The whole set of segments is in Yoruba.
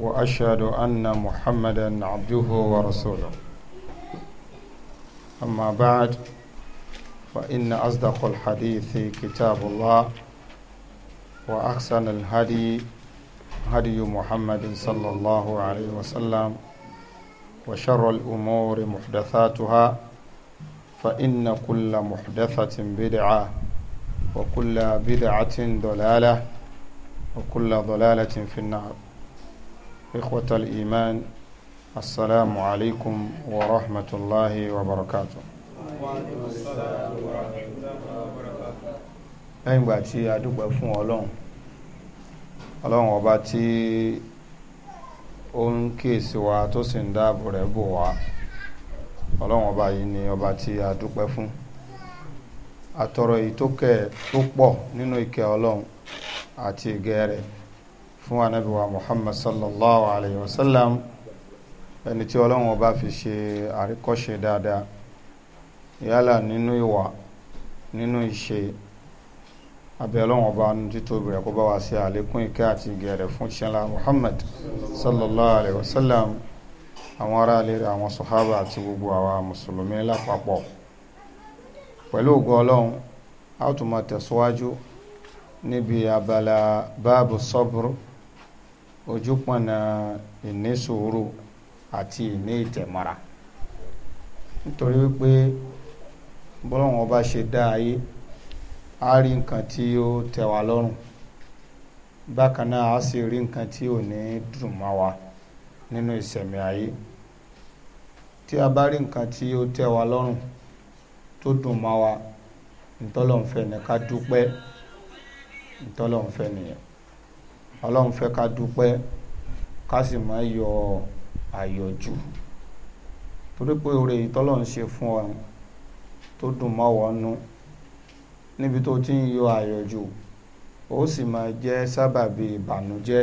وأشهد أن محمدا عبده ورسوله أما بعد فإن أصدق الحديث كتاب الله وأحسن الهدي هدي محمد صلى الله عليه وسلم وشر الأمور محدثاتها فإن كل محدثة بدعة وكل بدعة ضلالة وكل ضلالة في النار إخوة الإيمان السلام عليكم ورحمة الله وبركاته lẹ́yìn ìgbà tí a dúpẹ́ fún ọlọ́run ọlọ́run ọba tí ó ń kíyèsí wa tó sì ń dáàbò rẹ̀ bò wá ọlọ́run ọba yìí ni ọba tí a dúpẹ́ fún àtọ̀rọ̀ èyí tó kẹ́ tó pọ̀ nínú ìkẹ́ ọlọ́run àti ìgẹ́ rẹ̀ fún anabi wa muhammad sallallahu alayhi wa sallam ẹni tí ọlọ́run ọba fi ṣe àríkọ́ṣe dáadáa yálà nínú ìwà nínú ìṣe abẹ́ ọlọ́run ọba ní títóbi rẹ̀ kó bá wa ṣe àlékún ìkẹ́ àti ìgẹ̀rẹ̀ fún ṣẹlá muhammad sallallahu alayhi wa sallam àwọn ará ilé rẹ̀ àwọn sọ̀hábà àti gbogbo àwa mùsùlùmí lápapọ̀ pẹ̀lú ògo ọlọ́run a ó tún máa tẹ̀síwájú níbi abala báàbù sọ́bùrù ojúpọ̀nà ìní sùúrù àti ìní ìtẹ̀mọ́ra nítorí wípé bọ́lọ́run ọba ṣe dá ayé a rí nǹkan tí ó tẹ́ lọ́rùn bákan náà a sì rí nǹkan tí ò ní dùn mọ́ wa nínú ìṣẹ̀mí ayé tí a bá rí nǹkan tí ó tẹ́ lọ́rùn tó dùn mọ́ wa ntọ́lọ́nfẹ́ ni ká dúpẹ́ ntọ́lọ́nfẹ́ nìyẹn ọlọ́run fẹ́ ká dúpẹ́ ká sì má yọ àyọjú torí pé oore ìtọ́lọ́run ṣe fún ọ tó dùn mọ́ wọnú níbi tó ti ń yọ àyọjú ó sì máa jẹ́ sábàbí ìbànújẹ́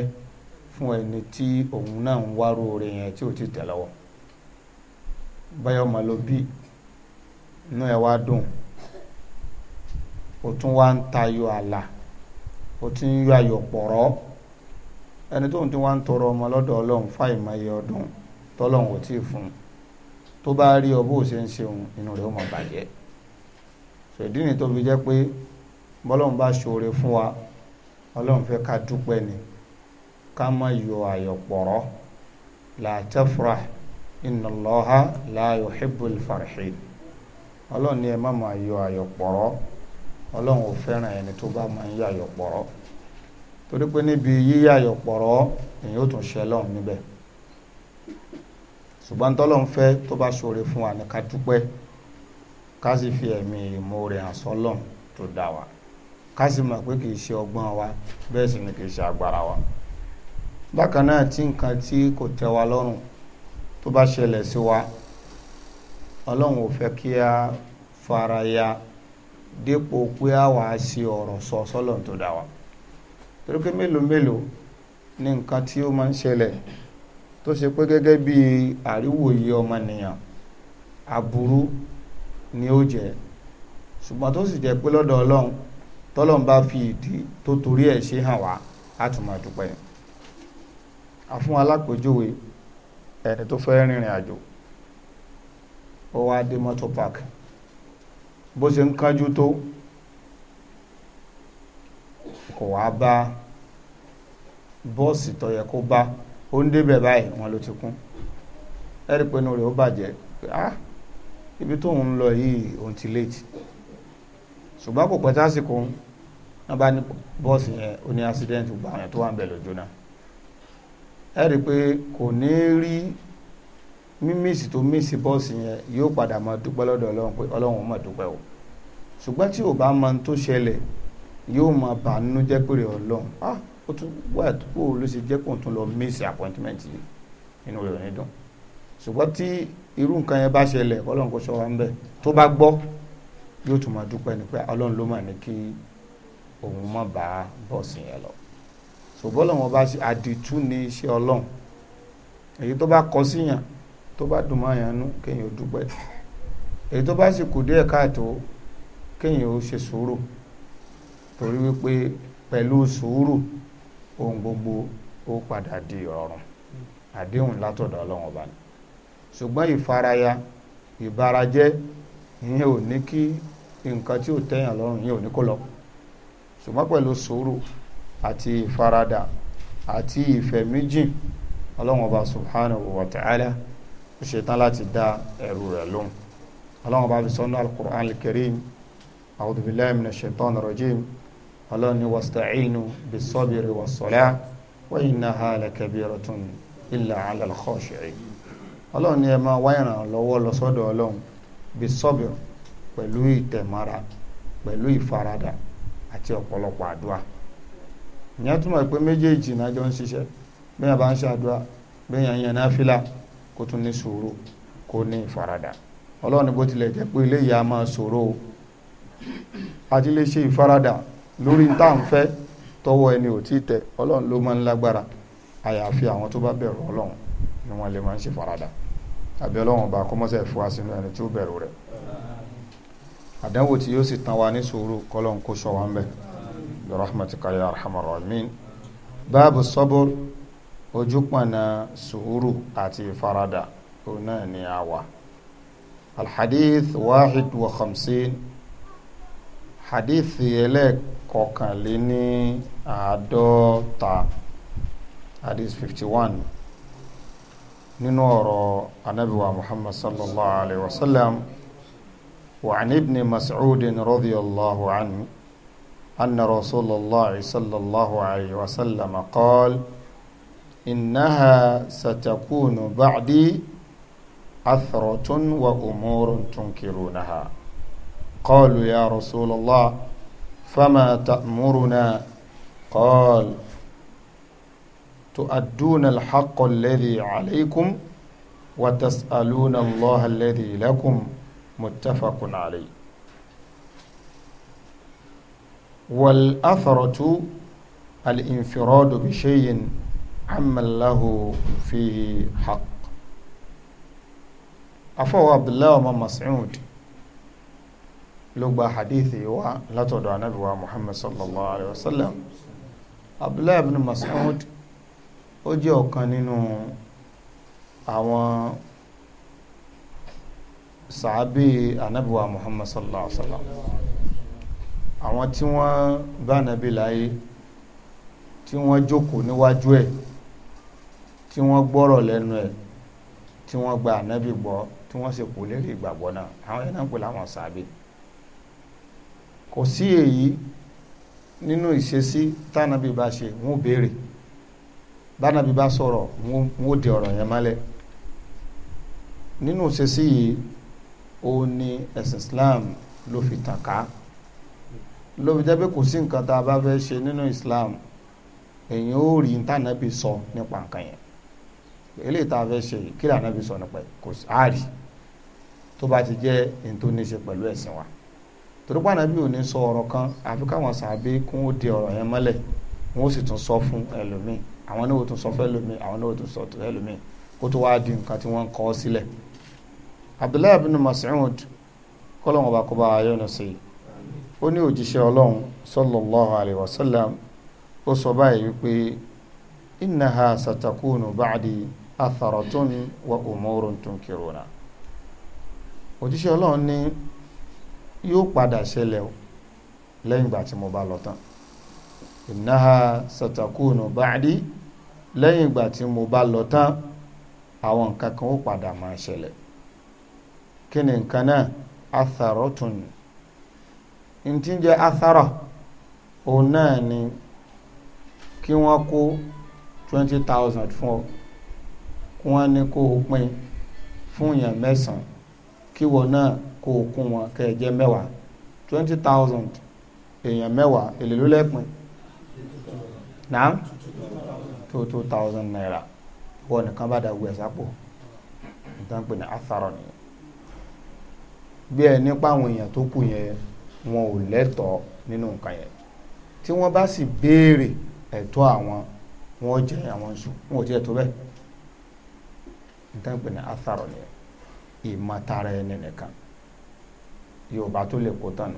fún ẹni tí òun náà ń wárò oore yẹn tí ò ti tẹ̀ lọ́wọ́ báyọ̀ mọ̀ ló bí inú ẹ̀ wá dùn ó tún wá ń tayọ àlà ó ti ń yọ àyọ̀pọ̀rọ̀ ẹni tó ń tí wá ń tọrọ ọmọ lọ́dọ̀ ọlọ́run fáìmọye ọdún tọ́lọ́run ò tí ì fún un tó bá rí ọ bó ṣe ń ṣeun inú rẹ̀ ó mọ̀ bàjẹ́ ṣèdí ni tó fi jẹ́ pé bọ́lọ́run bá ṣoore fún wa ọlọ́run fẹ́ ká dúpẹ́ ni ká má yọ àyọ̀pọ̀rọ̀ la tafrah inna Allaha la yuhibbul ni ẹ má máa yọ àyọ̀pọ̀rọ̀ ọlọ́run ò fẹ́ràn ẹni tó bá máa ń yọ àyọ̀pọ̀rọ̀ torí pé níbi yíyàyọ̀ pọ̀rọ̀ èyí ó tún ṣe lọ́hùn níbẹ̀ ṣùgbọ́n tọ́lọ́hún fẹ́ tó bá ṣoore fún wa ní ká dúpẹ́ ká sì fi ẹ̀mí ìmoore àsọ́lọ́hún tó dá wa ká sì mọ̀ pé kìí ṣe ọgbọ́n wa bẹ́ẹ̀ sì ni kìí ṣe agbára wa bákan náà tí nǹkan tí kò tẹ́ wa lọ́rùn tó bá ṣẹlẹ̀ sí wa ọlọ́run ò fẹ́ kí a fara ya dépò pé a wàá ṣe ọ̀rọ̀ sọ sọ́lọ́hún tó dá wa torí pé mélòó mélòó ní nǹkan tí ó máa ń ṣẹlẹ̀ tó ṣe pé gẹ́gẹ́ bí àríwòye ọmọnìyàn aburú ni ó jẹ́ ṣùgbọ́n tó sì jẹ́ pé lọ́dọ̀ ọlọ́run tọ́lọ́run bá fi ìdí tó torí ẹ̀ ṣe hàn wá a máa dúpẹ́ àfún alápèjúwe ẹni tó fẹ́ rìnrìn àjò ó wá dé mọ́tò park bó ṣe ń kánjú tó kò wá bá bọ́ọ̀sì tó yẹ kó bá ó ń débẹ̀ báyìí wọn ló ti kún ẹ̀rí pé inú rẹ̀ ó bàjẹ́ pé ah ibi tóun ń lọ yìí òun ti léètì ṣùgbọ́n kò pẹ́ tásìkò wọn bá ní bọ́ọ̀sì yẹn ó ní accident gba àwọn tó wà ń bẹ̀ lójú náà ẹ̀rí pé kò ní rí mímísì tó mísì bọ́ọ̀sì yẹn yóò padà máa dúpẹ́ lọ́dọ̀ ọlọ́run pé ọlọ́run máa dúpẹ́ o ṣùgbọ́n tí ò bá mọ ohun tó ṣẹlẹ̀ yóò máa bà jẹ́ pèrè ọlọ́run ah o tún wà kó ló ṣe jẹ́ kó tún lọ miss appointment yìí inú rẹ̀ ò ní dùn ṣùgbọ́n tí irú nǹkan yẹn bá ṣẹlẹ̀ ọlọ́run kò sọ wa ń bẹ̀ tó bá gbọ́ yóò tún máa dúpẹ́ ni pé ọlọ́run ló mà ní kí òun má bá bọ́ọ̀sì yẹn lọ ṣùgbọ́n lọ́wọ́n bá ṣe àdìtú ní iṣẹ́ ọlọ́run èyí tó bá kọ síyàn tó bá dùn máa yàn nú kéèyàn ó dúpẹ́ èyí tó bá sì kù díẹ̀ káàtó kéèyàn ó ṣe sùúrù torí wípé pẹ̀lú sùúrù ohun gbogbo ó padà di ìrọ̀rùn àdéhùn látọ̀dọ̀ ọlọ́run ọba ni ṣùgbọ́n ìfaraya ìbarajẹ́ ìyẹn ò ní kí nǹkan tí ò tẹ́yàn lọ́rùn ìyẹn ò ní kó lọ ṣùgbọ́n pẹ̀lú sùúrù àti ìfaradà àti ìfẹ̀míjìn ọlọ́run ọba subhanahu wa ta'ala ó ṣetán láti dá ẹrù rẹ̀ lóhùn ọlọ́run ọba fi sọ́nà al-Qur'an al-Karim a'udhu billahi minash shaitanir rajim ọlọ́ni wasta'inu bis-sabri was-salah wa innaha lakabiratun illa 'ala al-khashi'in ọlọ́ni ẹ máa wá ìrànlọ́wọ́ lọ sọ́dọ̀ ọlọ́run bis-sabri pẹ̀lú ìtẹ̀mára pẹ̀lú ìfaradà àti ọ̀pọ̀lọpọ̀ àdúrà ìyẹn túmọ̀ pé méjèèjì náà jọ ń ṣiṣẹ́ bí yẹn bá ń ṣàdúrà bí yẹn yẹn náfìlà kó lórí tá à ń fẹ́ tọwọ́ ẹni ò tí tẹ ọlọ́run ló máa ń lágbára àyàfi àwọn tó bá bẹ̀rù ọlọ́run ni wọ́n lè máa ń ṣe farada àbí ọlọ́run ọba kọ́mọ́sẹ̀ fún wa sínú ẹni tí ó bẹ̀rù rẹ̀ àdánwò tí yóò sì tán wa ní sùúrù kọ́lọ́n kó sọ wa ń bẹ̀ bi rahmatika ya arhamar rahimin báàbù sabr ojúpọ̀nà sùúrù àti ìfaradà òun náà ni a wà alhadith wahid wa khamsin hadithi ẹlẹ́kọ̀kànléní àádọ́ta hadith fifty one nínú ọ̀rọ̀ anabiwa muhammad sallallahu alayhi wa sallam wa an ibn mas'ud radiyallahu anhu anna rasulallah sallallahu alayhi wa sallam qaal innaha satakunu ba'di athratun wa umurun tunkirunaha. قالوا يا رسول الله فما تأمرنا قال تؤدون الحق الذي عليكم وتسألون الله الذي لكم متفق عليه والأثرة الانفراد بشيء عما له فيه حق أفو عبد الله وما مسعود ló gba hadith yìí wá látọ̀dọ̀ anábìwá muhammad sallallahu alayhi wa sallam abdullahi ibn mas'ud ó jẹ́ ọ̀kan nínú àwọn sàábì anábìwá muhammad sallallahu alayhi wa sallam àwọn tí wọ́n bá nàbí láyé tí wọ́n jókòó níwájú ẹ̀ tí wọ́n gbọ́rọ̀ lẹ́nu ẹ̀ tí wọ́n gba ànábì gbọ́ tí wọ́n sì kú lérí ìgbàgbọ́ náà àwọn ẹ̀ ń pè láwọn sàábì kò sí èyí nínú ìṣesí tánàbí bá ṣe wọn ò béèrè bánàbí bá sọ̀rọ̀ wọn ò di ọ̀rọ̀ yẹn mọ́lẹ̀ nínú ìṣesí yìí ó ní ẹ̀sìn Islam ló fi tàn ká ló fi jẹ́ pé kò sí nǹkan tá a bá fẹ́ ṣe nínú Islam èyàn ó rí tánàbí sọ nípa nǹkan yẹn eléyìí tá a fẹ́ ṣe kí lànàbí sọ nípa kò sí àárí tó bá ti jẹ́ ní tó ní ṣe pẹ̀lú ẹ̀sìn wa. torípa ànábì ò ní sọ ọ̀rọ̀ kan àfi káwọn sàbí kún ó di ọ̀rọ̀ yẹn mọ́lẹ̀ wọn sì tún sọ fún ẹlòmíì àwọn náà ó tún sọ fún ẹlòmíì àwọn náà ó tún sọ fún ẹlòmíì kó tó wáá di nǹkan tí wọ́n ń kọ ọ́ sílẹ̀ Abdullahi ọba kọba sí i ó ní òjíṣẹ́ ọlọ́run sallallahu alayhi wa sallam ó sọ báyìí wípé ha satakunu wa òjíṣẹ́ yóò padà ṣẹlẹ̀ o lẹ́yìn ìgbà tí mo bá lọ tán ìnáha satakunu báàdì lẹ́yìn ìgbà tí mo bá lọ tán àwọn nǹkan kan ó padà máa ṣẹlẹ̀ kí ni nǹkan náà atharotun ntí jẹ́ athara òun náà ni kí wọ́n kó twenty thousand fún ọ kí wọ́n ní kó o pín fún yàn mẹ́sàn-án kí wọ́n náà kó o kún wọn twenty thousand èèyàn mẹ́wàá ló lẹ́pin náà two two thousand naira wọ́n nìkan bá dàgbé ẹ̀ sápò nǹkan pè ní asarọ̀ nìyẹn bí ẹ nípa àwọn èèyàn tó kù yẹn wọn ò lẹ́tọ̀ọ́ nínú nǹkan yẹn tí wọ́n bá sì béèrè ẹ̀tọ́ àwọn wọn jẹ àwọn sùn wọn ò tiẹ̀ tó bẹ́ẹ̀ nǹkan pè ní nìyẹn yorùbá tó lè kó tànù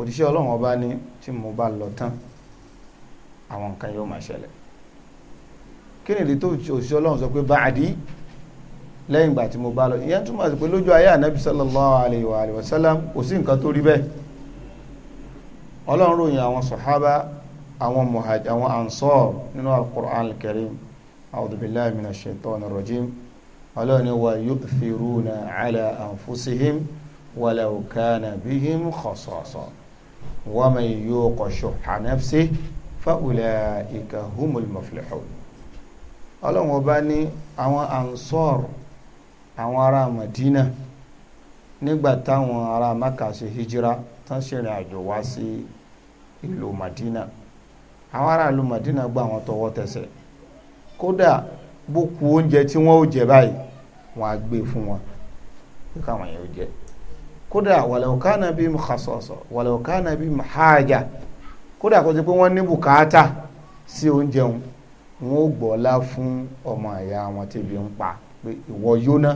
òdíṣẹ́ ọlọ́run ọba ní tí mo bá lọ tán àwọn nǹkan yóò máa ṣẹlẹ̀ kí nìdí tó òṣìṣẹ́ ọlọ́run sọ pé báàdì lẹ́yìn ìgbà tí mo bá lọ ìyẹn túmọ̀ sí pé lójú ayé ànábì sallallahu alayhi wa alayhi wa sallam kò sí nǹkan tó rí bẹ́ẹ̀ ọlọ́run ròyìn àwọn sọ̀hábà àwọn muhaj àwọn ansor nínú al-Qur'an al-Karim a'udhu billahi minash shaitani ọlọ́run ni wà yu'thiruna ala anfusihim ولو كان بهم خصاصة ومن يوق شح نفسه فأولئك هم المفلحون ọlọ́run ọba ní àwọn ansor àwọn ará Madina nígbà táwọn ará Maka ṣe hijira tán ṣèrìn àjò wá sí ìlú Madina àwọn ará ìlú Madina gbà wọ́n tọwọ́ tẹsẹ̀ kódà bó ku oúnjẹ tí wọ́n ó jẹ báyìí wọ́n á gbé fún wọn pé káwọn yẹn ó jẹ kódà wàlẹ̀kánà bí mu xasọ̀sọ̀ wàlẹ̀kánà bí mu hájà kódà kó ti pé wọ́n ní bùkátà sí oúnjẹ wọn wọn ò gbọ́lá fún ọmọ ìyá wọn tẹ́bi ń pa pé ìwọ yóná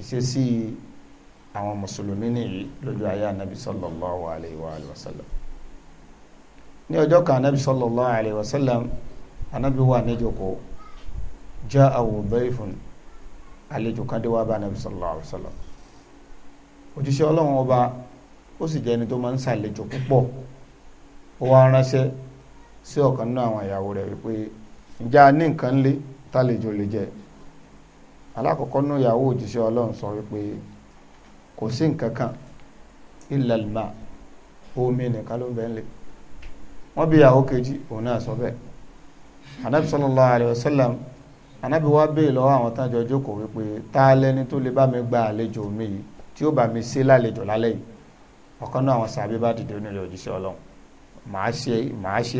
ìṣesí àwọn mùsùlùmí nìyí lójú ayé anabi sallallahu alayhi wa alayhi wa sallam ní ọjọ́ kan anabi sallallahu alayhi wa sallam anabi wà níjòkó jẹ́ àwòbẹ́ ìfún àlejò kan dé wá bá anabi sallallahu alayhi sallam òjíṣẹ́ ọlọ́run ọba ó sì jẹ́ ẹni tó máa ń ṣàlejò púpọ̀ ó wá ránṣẹ́ sí ọ̀kan nínú àwọn ìyàwó rẹ̀ wípé ǹjẹ́ a ní nǹkan lé tálejò lè jẹ alákọ̀ọ́kọ́ nínú ìyàwó òjíṣẹ́ ọlọ́run sọ wípé kò sí nǹkan kan ìlàlùmá omi nìkan ló ń bẹ ńlẹ̀ wọ́n bí ìyàwó kejì òun náà sọ bẹ́ẹ̀ anabi sallallahu alayhi wa sallam anabi wa bẹ́ẹ̀ lọ́wọ́ àwọn tájọ jókòó wípé ta lẹni tó lè bá mi gba àlejò mi yìí tí ó bá mi ṣe lálejò lálẹ́ yìí ọ̀kan náà àwọn sàbí bá dìde nílé òjíṣẹ́ ọlọ́run màá ṣe màá ṣe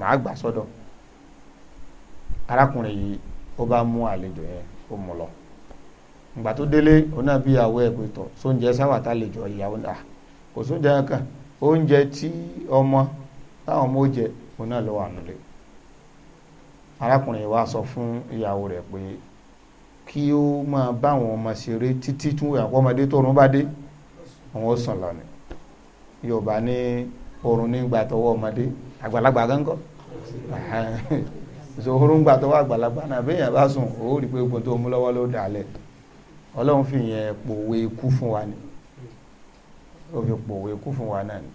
màá gbà sọ́dọ̀ arákùnrin yìí ó bá mú àlejò yẹn ó mú lọ ìgbà tó délé náà bí ìyàwó ẹ̀ pé sóúnjẹ kò sóúnjẹ oúnjẹ tí ọmọ táwọn ọmọ ó jẹ wà nílé arákùnrin yìí wá fún ìyàwó kí ó máa bá àwọn ọmọ ṣeré títí tí àwọn ọmọdé tó rún bá dé àwọn ó sàn lọ́nà yorùbá ní oorun nígbà tọwọ́ ọmọdé àgbàlagbà gángọ́ ìṣòro ń gbà tọwọ́ àgbàlagbà náà bí èèyàn bá sùn ó rí pé ogun tó mú lọ́wọ́ ló dàlẹ̀ ọlọ́run fi yẹn pòwe ikú fún wa ni ó fi pòwe ikú fún wa náà ni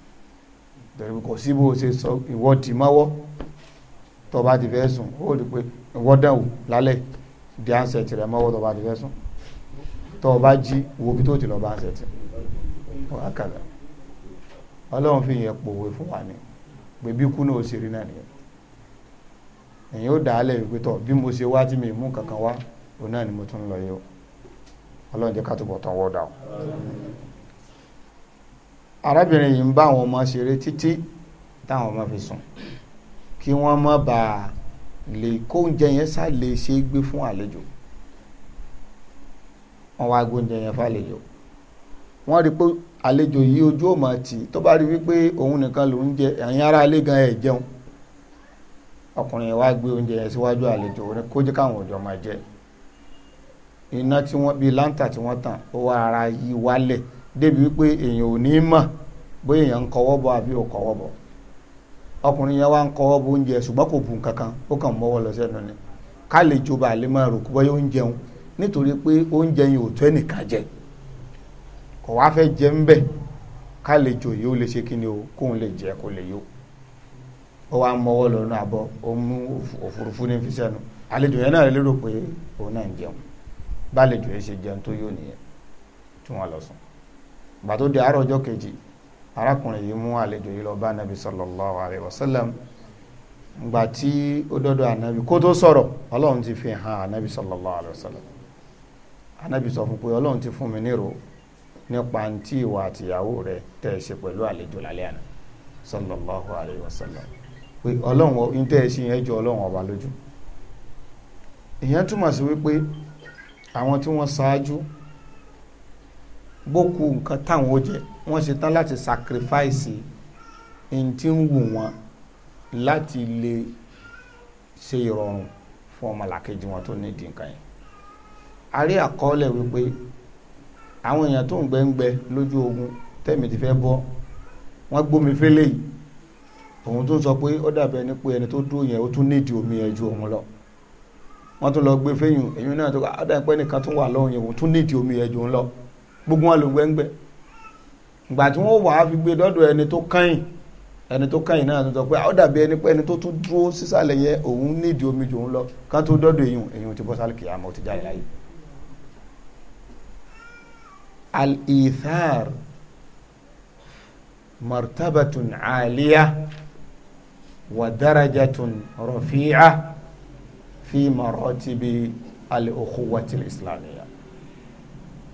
torí kò sí bó ṣe sọ ìwọ dì mọ́wọ́ tó ti fẹ́ sùn ó rí pé ìwọ dàn wò lálẹ́ di ansẹ̀tì rẹ̀ mọ́wọ́ tó bá ti fẹ́ sùn tó o bá jí wo bí tó ti lọ bá ansẹ̀tì wà kàlà ọlọ́run fi yẹn pòwe fún wa ni pé bí kú náà ó ṣe rí náà nìyẹn ó dàálẹ̀ wípé tọ̀ bí mo ṣe wá tí mi mú kankan wá òun náà ni mo tún lọ yẹ o ọlọ́run jẹ́ ká túbọ̀ tán wọ́ dà o arábìnrin yìí ń bá àwọn ọmọ ṣeré títí táwọn ọmọ fi sùn kí wọ́n má bàa le kó oúnjẹ yẹn sá lè ṣe é gbé fún àlejò wọ́n wá gbóúnjẹ yẹn fàlejò wọ́n rí pé àlejò yìí ojú ò mọ̀ tì tó bá rí wípé òun nìkan ló ń jẹ ẹ̀yin ará ilé gan ẹ̀ jẹun ọkùnrin yẹn wá gbé oúnjẹ yẹn síwájú àlejò kó jẹ́ káwọn òjò máa jẹ iná tí wọ́n bíi láńtà tí wọ́n tàn ó wá ara yí wálẹ̀ débi wípé èèyàn ò ní mọ̀ bóyá èèyàn ń kọwọ́ bọ̀ àbí ò kọwọ́ bọ̀ ọkùnrin yẹn wá ń kọ́wọ́ bó oúnjẹ ṣùgbọ́n kò bu nǹkan kan ó kàn mọ́wọ́ lọ sẹ́nu ni ká lè jọba àlè máa rò nítorí pé oúnjẹ yẹn ò tó ẹnìkan jẹ kò wá fẹ́ jẹ ń bẹ̀ ká lè yìí ó lè ṣe o kóun lè jẹ kó lè yó ó wá mọ́wọ́ àbọ̀ ó mú òfurufú ní fi sẹ́nu àlejò yẹn náà lérò pé òun náà ń jẹun bá àlejò yẹn ṣe jẹun tó nìyẹn tí wọ́n lọ sùn gbà tó di àárọ̀ ọjọ́ kejì arákùnrin yìí mú àlejò yìí lọ bá anabi sallallahu alayhi wa sallam gbà tí ó dọ́dọ̀ anabi kó tó sọ̀rọ̀ ọlọ́run ti fi hàn anabi sallallahu alayhi wa sallam anabi sọ fún pé ọlọ́run ti fún mi nírò nípa ntí ìwà àtìyàwó rẹ tẹ́ ẹ ṣe pẹ̀lú àlejò lálẹ́ àná sallallahu alayhi wa sallam pé ọlọ́run ń tẹ́ ẹ sí yẹn jọ ọlọ́run ọba lójú ìyẹn túmọ̀ sí wípé àwọn tí wọ́n ṣáájú Boku nǹkan táwọn ó jẹ wọ́n ṣe tán láti sacrifice ẹni tí ń wù wọ́n láti lè ṣe ìrọ̀rùn fún ọmọlàkejì wọn tó nídìí nǹkan yẹn a rí àkọọ́lẹ̀ wípé àwọn èèyàn tó ń gbẹ́ngbẹ́ lójú ogun tẹ́mi ti fẹ́ bọ́ wọ́n gbómi fẹ́lẹ́ yìí òun tó ń sọ pé ó dàbí ẹni pé ẹni tó dúró yẹn ó tún nídìí omi yẹn ju òun lọ wọ́n tún lọ gbé fẹ́yìn èyí náà tó ká ó dàbí pé ẹnìkan wà lọ́hùn yẹn òun tún nídìí omi yẹn ju òun lọ gbogbo wọn ló gbẹ́ngbẹ́ ìgbà tí wọ́n wà á fi gbé dọ́dọ̀ ẹni tó kẹ́yìn ẹni tó kẹ́yìn náà tó pé ó dàbí ẹni pé ẹni tó tún dúró sísàlẹ̀ yẹ òun nídìí omi jòun lọ kán tó dọ́dọ̀ èyàn èyàn ti bọ́ sálì kìyàmọ́ ti jáde láyé al-ithar martabatun aliyah wa darajatun rafi'ah fi maratibi al-ukhuwati islamiyya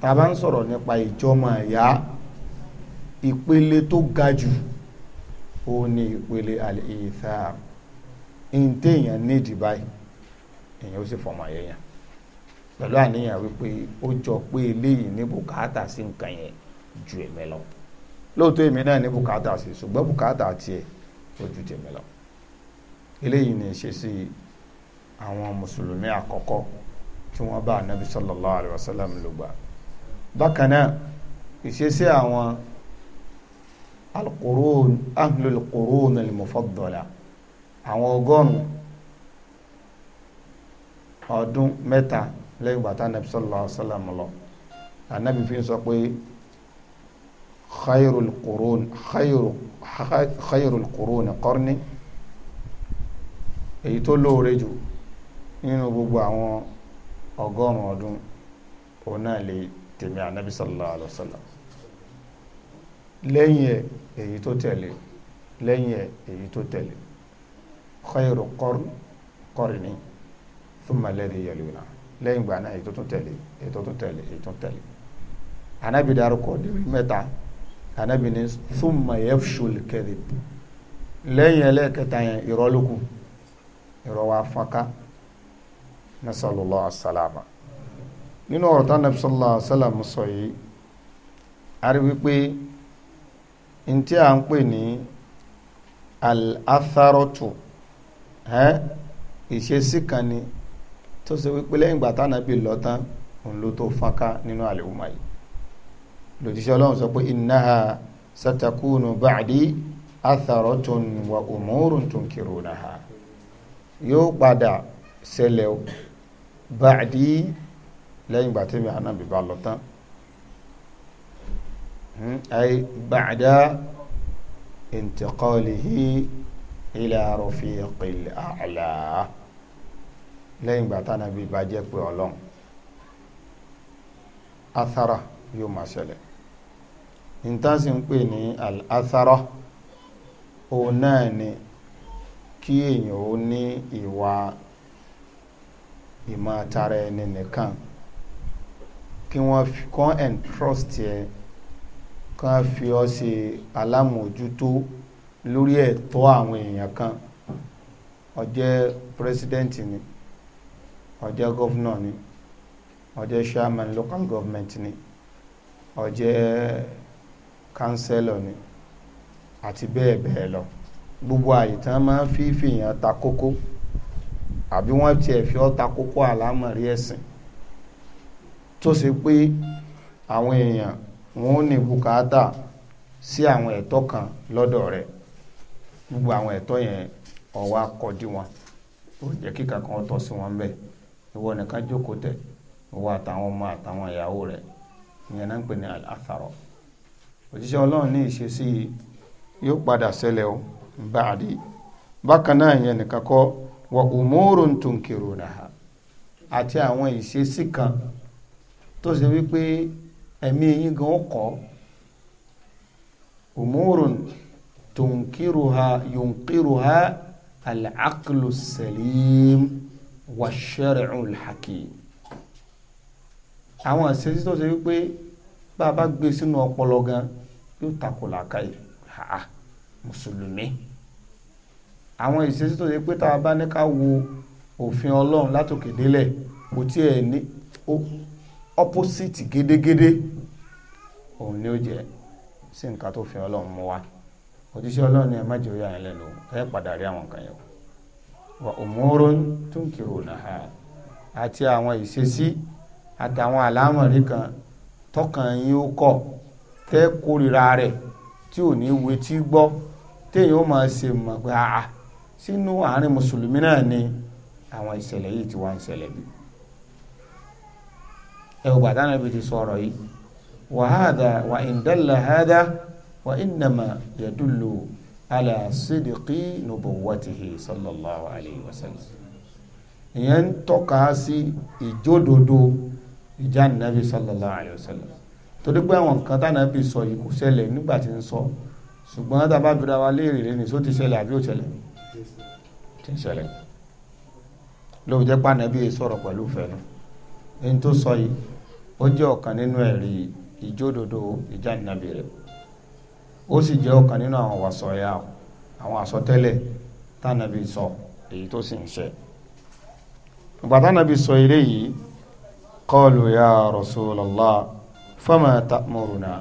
tá a bá ń sọ̀rọ̀ nípa ìjọmọ àyá ìpele tó ga jù ó ní ìpele àlèyíta ìntèèyàn nídìí báyìí èèyàn ó sì fọmọ àyẹyàn pẹ̀lú àníyàn wípé ó jọ pé eléyìí ní bùkátà sí nǹkan yẹn ju èmi lọ lóòótọ́ èmi náà ní bùkátà sí ṣùgbọ́n bùkátà tiẹ̀ ó ju tèmi lọ eléyìí ní ṣe sí àwọn mùsùlùmí àkọ́kọ́ tí wọ́n bá ànábi sallallahu alaihi wasallam lò gbà bákan náà ìṣesí àwọn alqurun ahlul qurun al-mufaddala àwọn ọgọ́rùn ọdún mẹ́ta lẹ́yìn bàtà nàbí sallallahu alaihi wasallam lọ ànábì fi ń sọ pé khayrul qurun khayru khayrul èyí tó lóore jù nínú gbogbo àwọn ọgọ́rùn ọdún òun náà lè tèmi ànábì sallallahu alaihi wasallam lẹ́yìn ẹ̀ èyí tó tẹ̀lé lẹ́yìn ẹ̀ èyí tó tẹ̀lé khayru qarn qarni thumma alladhi yaluna lẹ́yìn ìgbà náà èyí tó tún tẹ̀lé èyí tó tún tẹ̀lé èyí tó tún tẹ̀lé ànábì dárúkọ níbi mẹ́ta ànábì ní thumma yafshul kadhib lẹ́yìn ẹlẹ́ẹ̀kẹta yẹn irọ́ lókù fọ́nká nasallallahu alaihi wasallam nínú ọ̀rọ̀ tá nàbí sọ́lá sálàm sọ yìí a rí wípé n tí a ń pè ní al-atharotu ìṣesí kan ni tó ṣe wípé lẹ́yìn ìgbà tá nàbí lọ tán òun ló tó fọ́nká nínú àlèhùnmá yìí lòjíṣẹ́ ọlọ́run sọ pé innaha satakunu ba'di atharotun wa umurun tunkirunaha yóò padà ṣẹlẹ̀ ba'di lẹ́yìn ìgbà tí mi ànábì bá lọ tán hmm? ay ba'da intiqalihi ila rafiqil a'la lẹ́yìn ìgbà tí ànábì bá jẹ́ pé ọlọ́run athara yóò máa ṣẹlẹ̀ nǹkan sì ń pè ní al òun náà ni kí èèyàn ó ní ìwà ìmọ̀ tara ẹni nìkan kí wọ́n fi kọ́ and trust ẹ kán fi ọ́ ṣe alámòójútó lórí ẹ̀tọ́ àwọn èèyàn kan ó jẹ́ ni ó jẹ́ governor ni ó jẹ́ chairman local government ni ó jẹ́ ni àti bẹ́ẹ̀ bẹ́ẹ̀ lọ gbogbo àyè tí wọ́n máa ń fi fìyàn ta kókó àbí wọ́n tiẹ̀ fi ọ́ ta kókó àlámọ̀rí ẹ̀sìn tó ṣe pé àwọn èèyàn wọn ò ní bùkátà sí àwọn ẹ̀tọ́ kan lọ́dọ̀ rẹ̀ gbogbo àwọn ẹ̀tọ́ yẹn ó wá wọn ó jẹ́ kíkà kan tọ́ sí wọn bẹ́ẹ̀ ìwọ nìkan jókòó tẹ̀ ìwọ àtàwọn ọmọ àtàwọn ìyàwó rẹ̀ ìyẹn náà ń pè ní ọlọ́run ní ìṣesí yóò o báàdì bákan náà ìyẹn nìkan kọ́ wọ òmóòrò ń tún na náà àti àwọn ìṣesí kan tó ṣe wípé ẹ̀mí yín gan kọ́ umurun tunkiruha yunkiruha al-aqlu salim wa shar'u al-hakim àwọn àṣẹsí tó ṣe wípé bá a bá gbé sínú ọpọlọ gan yóò takò làákàyè ha mùsùlùmí àwọn ìṣesí tó ṣe pé tá a bá ní ká wo òfin ọlọ́run látòkè délẹ̀ kò tí ẹ̀ ní opposite gédégédé òun ni ó jẹ́ sí nǹkan tó fi ọlọ́run mú wa òjíṣẹ́ ọlọ́run ni ẹ má jẹ́ ó lẹ́nu ẹ padà rí àwọn nǹkan yẹn wa umurun tunkirunaha àti àwọn ìṣesí àtàwọn àlámọ̀rí kan tọkàn yín ó kọ̀ tẹ́ kórìíra rẹ̀ tí ò ní wetí gbọ́ téèyàn ó máa ṣe mọ̀ sínú àárín mùsùlùmí náà ni àwọn ìṣẹ̀lẹ̀ yìí ti wá ń ṣẹlẹ̀ bí ẹ ò gbàdá nàbí ti sọ̀rọ̀ yìí wa hadha wa in dalla hadha wa innama yadullu ala sidqi nubuwatihi sallallahu alayhi wa sallam ìyẹn ń tọ́ka sí ìjódodo ìjà nàbí sallallahu alayhi wa sallam torí pé àwọn nǹkan tánàbí sọ yìí kò ṣẹlẹ̀ nígbà tí ń sọ ṣùgbọ́n tá a wa léèrè lẹ́ni só ti ṣẹlẹ̀ àbí ò ṣẹlẹ̀ ti ṣẹlẹ̀ lóòjẹ́ pànàbí sọ̀rọ̀ pẹ̀lú fẹ́nu ẹni tó sọ yìí ó jẹ́ ọ̀kan nínú ẹ̀rí ìjódodo ijo rẹ̀ ó sì jẹ́ ọ̀kan nínú àwọn wàsọ̀yà àwọn àsọtẹ́lẹ̀ tánàbí sọ èyí tó sì ń ṣe ìgbà tánàbí sọ eré yìí qalu ya Rasulullah fama ta'muruna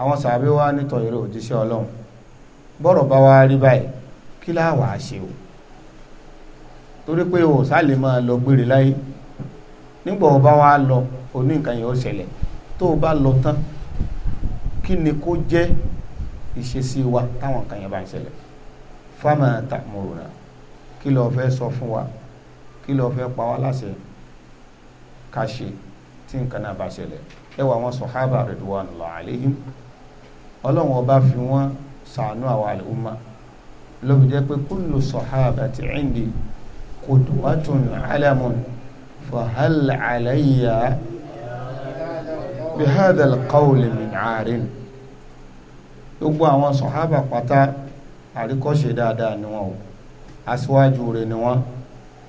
àwọn sàbí wá nítọ̀ eré òjíṣẹ́ ọlọ́run bọ́rọ̀ bá wá rí báyìí kí láwà á ṣe o torí pé o sá máa lọ gbére láyé lọ oní nǹkan yẹn ó ṣẹlẹ̀ tó o bá lọ tán kí ni kó jẹ́ ìṣesí wa táwọn nǹkan yẹn bá ń ṣẹlẹ̀ fáma ta'muruna kí ló fẹ́ sọ fún wa kí ló fẹ́ pa wá láṣẹ ká ṣe tí nǹkan náà bá ṣẹlẹ̀ ẹ wà wọn sàhábà ridwanullahi alaihim ọlọ́run ọba fi wọ́n ṣàánú àwọn àlùmá lóbi jẹ́ pé kullu sahabati indi qudwatun alamun fahal alayya bi hadha alqawli min aarin gbogbo àwọn sọ̀hábà pátá àríkọ́ṣe dáadáa ni wọ́n o aṣíwájú rẹ̀ ni wọ́n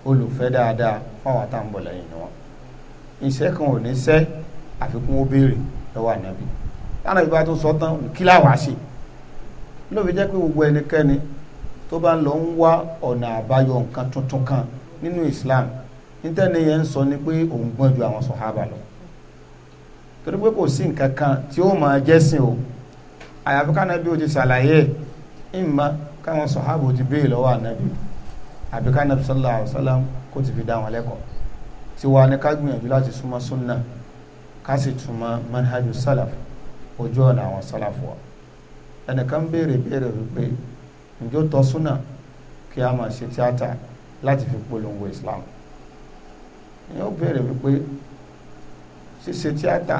olùfẹ́ dáadáa fáwọn àtàǹbọ̀ lẹ́yìn ni wọ́n iṣẹ́ kan ò ní ṣẹ́ àfikún ó béèrè lọ́wọ́ ànábì ànábì bá tó sọ tán kí láwà ṣe ló fi jẹ́ pé gbogbo ẹnikẹ́ni tó bá ń lọ ń wá ọ̀nà àbáyọ nǹkan tuntun kan nínú Islam nítẹ́ni yẹn ń sọ ni pé òun gbọ́n ju àwọn sọ̀hábà lọ torí pé kò sí nǹkan kan tí ó máa jẹ́sìn o àyàfi kánábí o ti ṣàlàyé ìmọ̀ káwọn sọ̀hábù ti béè lọ́wọ́ ànábì àbí kánábí sallallahu alaihi wasallam kó ti fi dá wọn lẹ́kọ̀ọ́ tí wàá ní ká gbìyànjú láti súnmọ́ súnà ká sì túmọ̀ manhajú sálàf ojú ọ̀nà àwọn sálàf wa ẹnìkan béèrè béèrè wípé ǹjọ́ tọ́ súnà kí a máa ṣe tíátà láti fi polongo Islam ni ó béèrè wípé ṣíṣe tíátà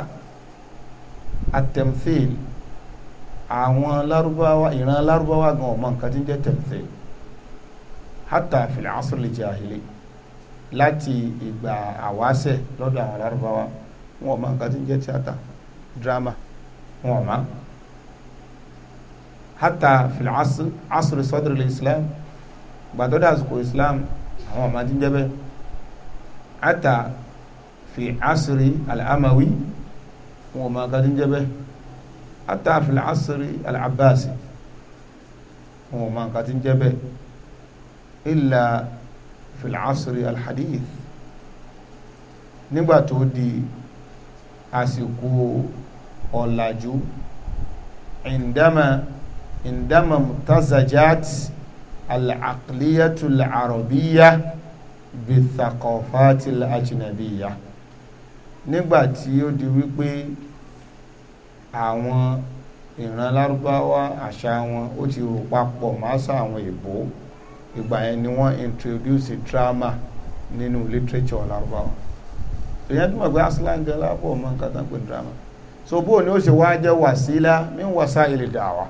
atẹ̀mfẹ́l àwọn lárúbáwá ìran lárúbáwá gan ọmọ nǹkan tí ń jẹ́ tẹ̀mfẹ́l hátà fìlà ásùlì jàhílì láti ìgbà àwáṣẹ̀ lọ́dọ̀ àwọn lárúbáwá wọn ọmọ nǹkan tí ń jẹ́ tíátà dírámà wọn ọmọ hátà fìlà ásùlì sọ́dọ̀lì islam gbàdọ́dọ̀ àsìkò islam àwọn ọmọ tí ń jẹ́ bẹ́ẹ̀ hátà fi ásùlì alamawi wọn ma ka dín jẹ́bẹ́ àtàfilà asiri al-abbasi wọn ma ka dín jẹ́bẹ́ ilà filà asiri al-hadith nígbà tó di àsìkò ọ̀làjú indama indama mutazajat al arabiya bi thaqafati al-ajnabiyya. al nígbàtí ó di wípé àwọn ìran lárúbáwá àṣà wọn ó ti rò papọ̀ máṣá àwọn èbó ìgbà yẹn ni wọ́n introduce drama nínú literature lárúbáwá èyàn tó mọ̀ pé aslan gan lápò ọmọ nǹkan tán pé drama so bóò ni ó ṣe wá jẹ́ wàsílá min wasa'il da'wa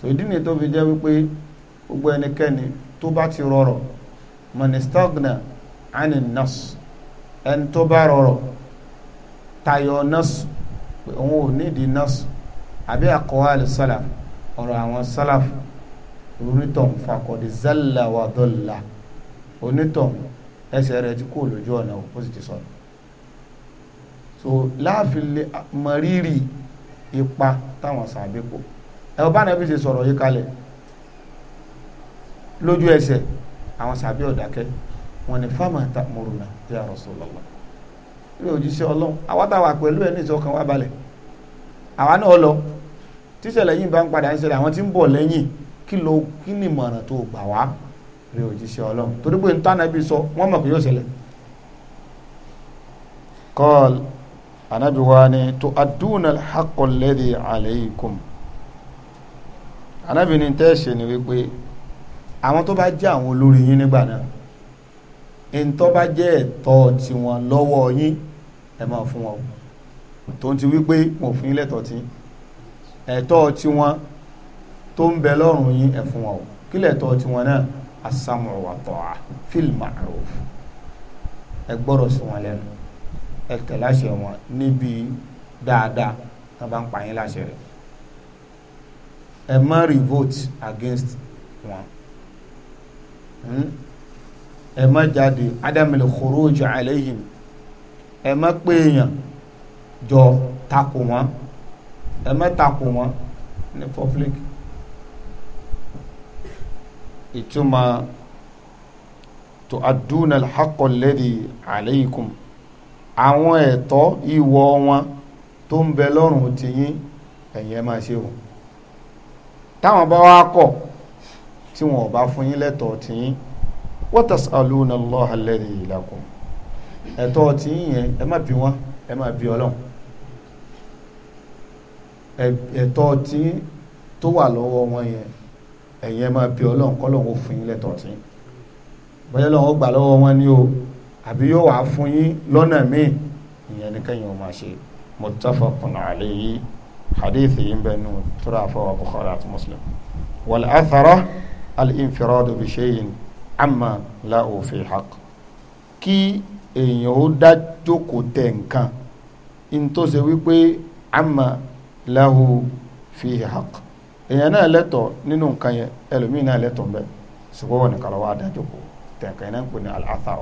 so ìdí ni tó fi jẹ́ wípé gbogbo ẹnikẹ́ni tó bá ti rọrọ̀ man istagna 'ani nnas ẹni tó bá rọrọ̀ tayọ nọ́ọ̀sì pé òun ò nídìí nọ́ọ̀sì àbí àkọ́wálì sálàf ọ̀rọ̀ àwọn sálàf onítọ̀n fakọ̀dé zálà wà dọ́là onítọ̀n ẹsẹ̀ rẹ̀ ti kó lójú ọ̀nà ó ti sọ̀rọ̀ so láàfin lè mọ̀rírì ipa táwọn sàbẹ̀ kó ẹ̀ ọba nàbí ṣe sọ̀rọ̀ yìí kalẹ̀ lójú ẹsẹ̀ àwọn sàbẹ̀ ọ̀dákẹ́ wọn ni fama ta'muruna ya Rasulullah ilé òjíṣẹ́ ọlọ́run àwa táwa pẹ̀lú ẹ̀ ní ìṣọ̀kan wa balẹ̀ àwa náà lọ tíṣẹ̀lẹ̀ yìí bá ń padà ń ṣẹlẹ̀ àwọn tí ń bọ̀ lẹ́yìn kí ló kí ni ìmọ̀ràn tó gbà wá ilé òjíṣẹ́ ọlọ́run torí pé ntànà bí sọ wọ́n mọ̀ pé yóò ṣẹlẹ̀ kọ́ọ̀lù anabiwa ni tó adúnà haqqo alladhi anabi ni tẹ́ ṣe ni wípé àwọn tó bá jẹ́ àwọn olórí yín nígbà náà ntọ́ bá jẹ́ ẹ̀tọ́ tiwọn lọ́wọ́ yín ẹ máa fún wọn tó ń ti wípé mo fún yín lẹ́tọ̀ tí ẹ̀tọ́ tiwọn tó ń bẹ lọ́rùn yín ẹ fún wọn kí lẹ́tọ̀ tiwọn náà asamu wa ta'a fil ma'ruf ẹ gbọ́dọ̀ sí wọn lẹ́nu ẹ tẹ̀lé àṣẹ wọn níbi dáadáa tó bá ń pa yín láṣẹ rẹ̀ ẹ má revolt against wọn. Hmm? ẹ má jáde adamil khuruj alayhim ẹ má pé èèyàn jọ takò wọn ẹ má takò wọn ní public ìtumọ̀ tu'adduna al-haqqa alladhi alaykum àwọn ẹ̀tọ́ ìwọ wọn tó ń bẹ lọ́rùn tìyín ẹ̀yin ẹ máa ṣe o táwọn bá wá kọ̀ tí wọn ò bá fún yín lẹ́tọ̀ọ́ tìyín wa tas'aluna Allaha alladhi lakum ẹ̀tọ́ tí yẹn ẹ má bí wọn ẹ má bí ọlọ́run ẹ̀tọ́ tí tó wà lọ́wọ́ wọn yẹn ẹ̀yin ẹ má bí ọlọ́run kọ́lọ́run ó fún yín lẹ́tọ̀ọ́ tí bóyá lọ́run gbà lọ́wọ́ wọn ni o àbí yóò wá fún yín lọ́nà míì ìyẹn ni kẹ́yìn ó máa ṣe muttafaqun alayhi hadith yìí ń bẹ nù tura àfọwọ́ Bukhari àti Muslim wal athara al-infiradu bi shay'in ama la òfin haq kí èèyàn ó dá jókòó tẹ nǹkan in tó ṣe wípé àmà lahu fi haq èèyàn náà lẹ́tọ̀ nínú nǹkan yẹn ẹlòmíín náà lẹ́tọ̀ mbẹ́ ṣùgbọ́n nìkan lọ́wọ́ adá jókòó tẹ nǹkan yẹn náà ń pè ní al-athar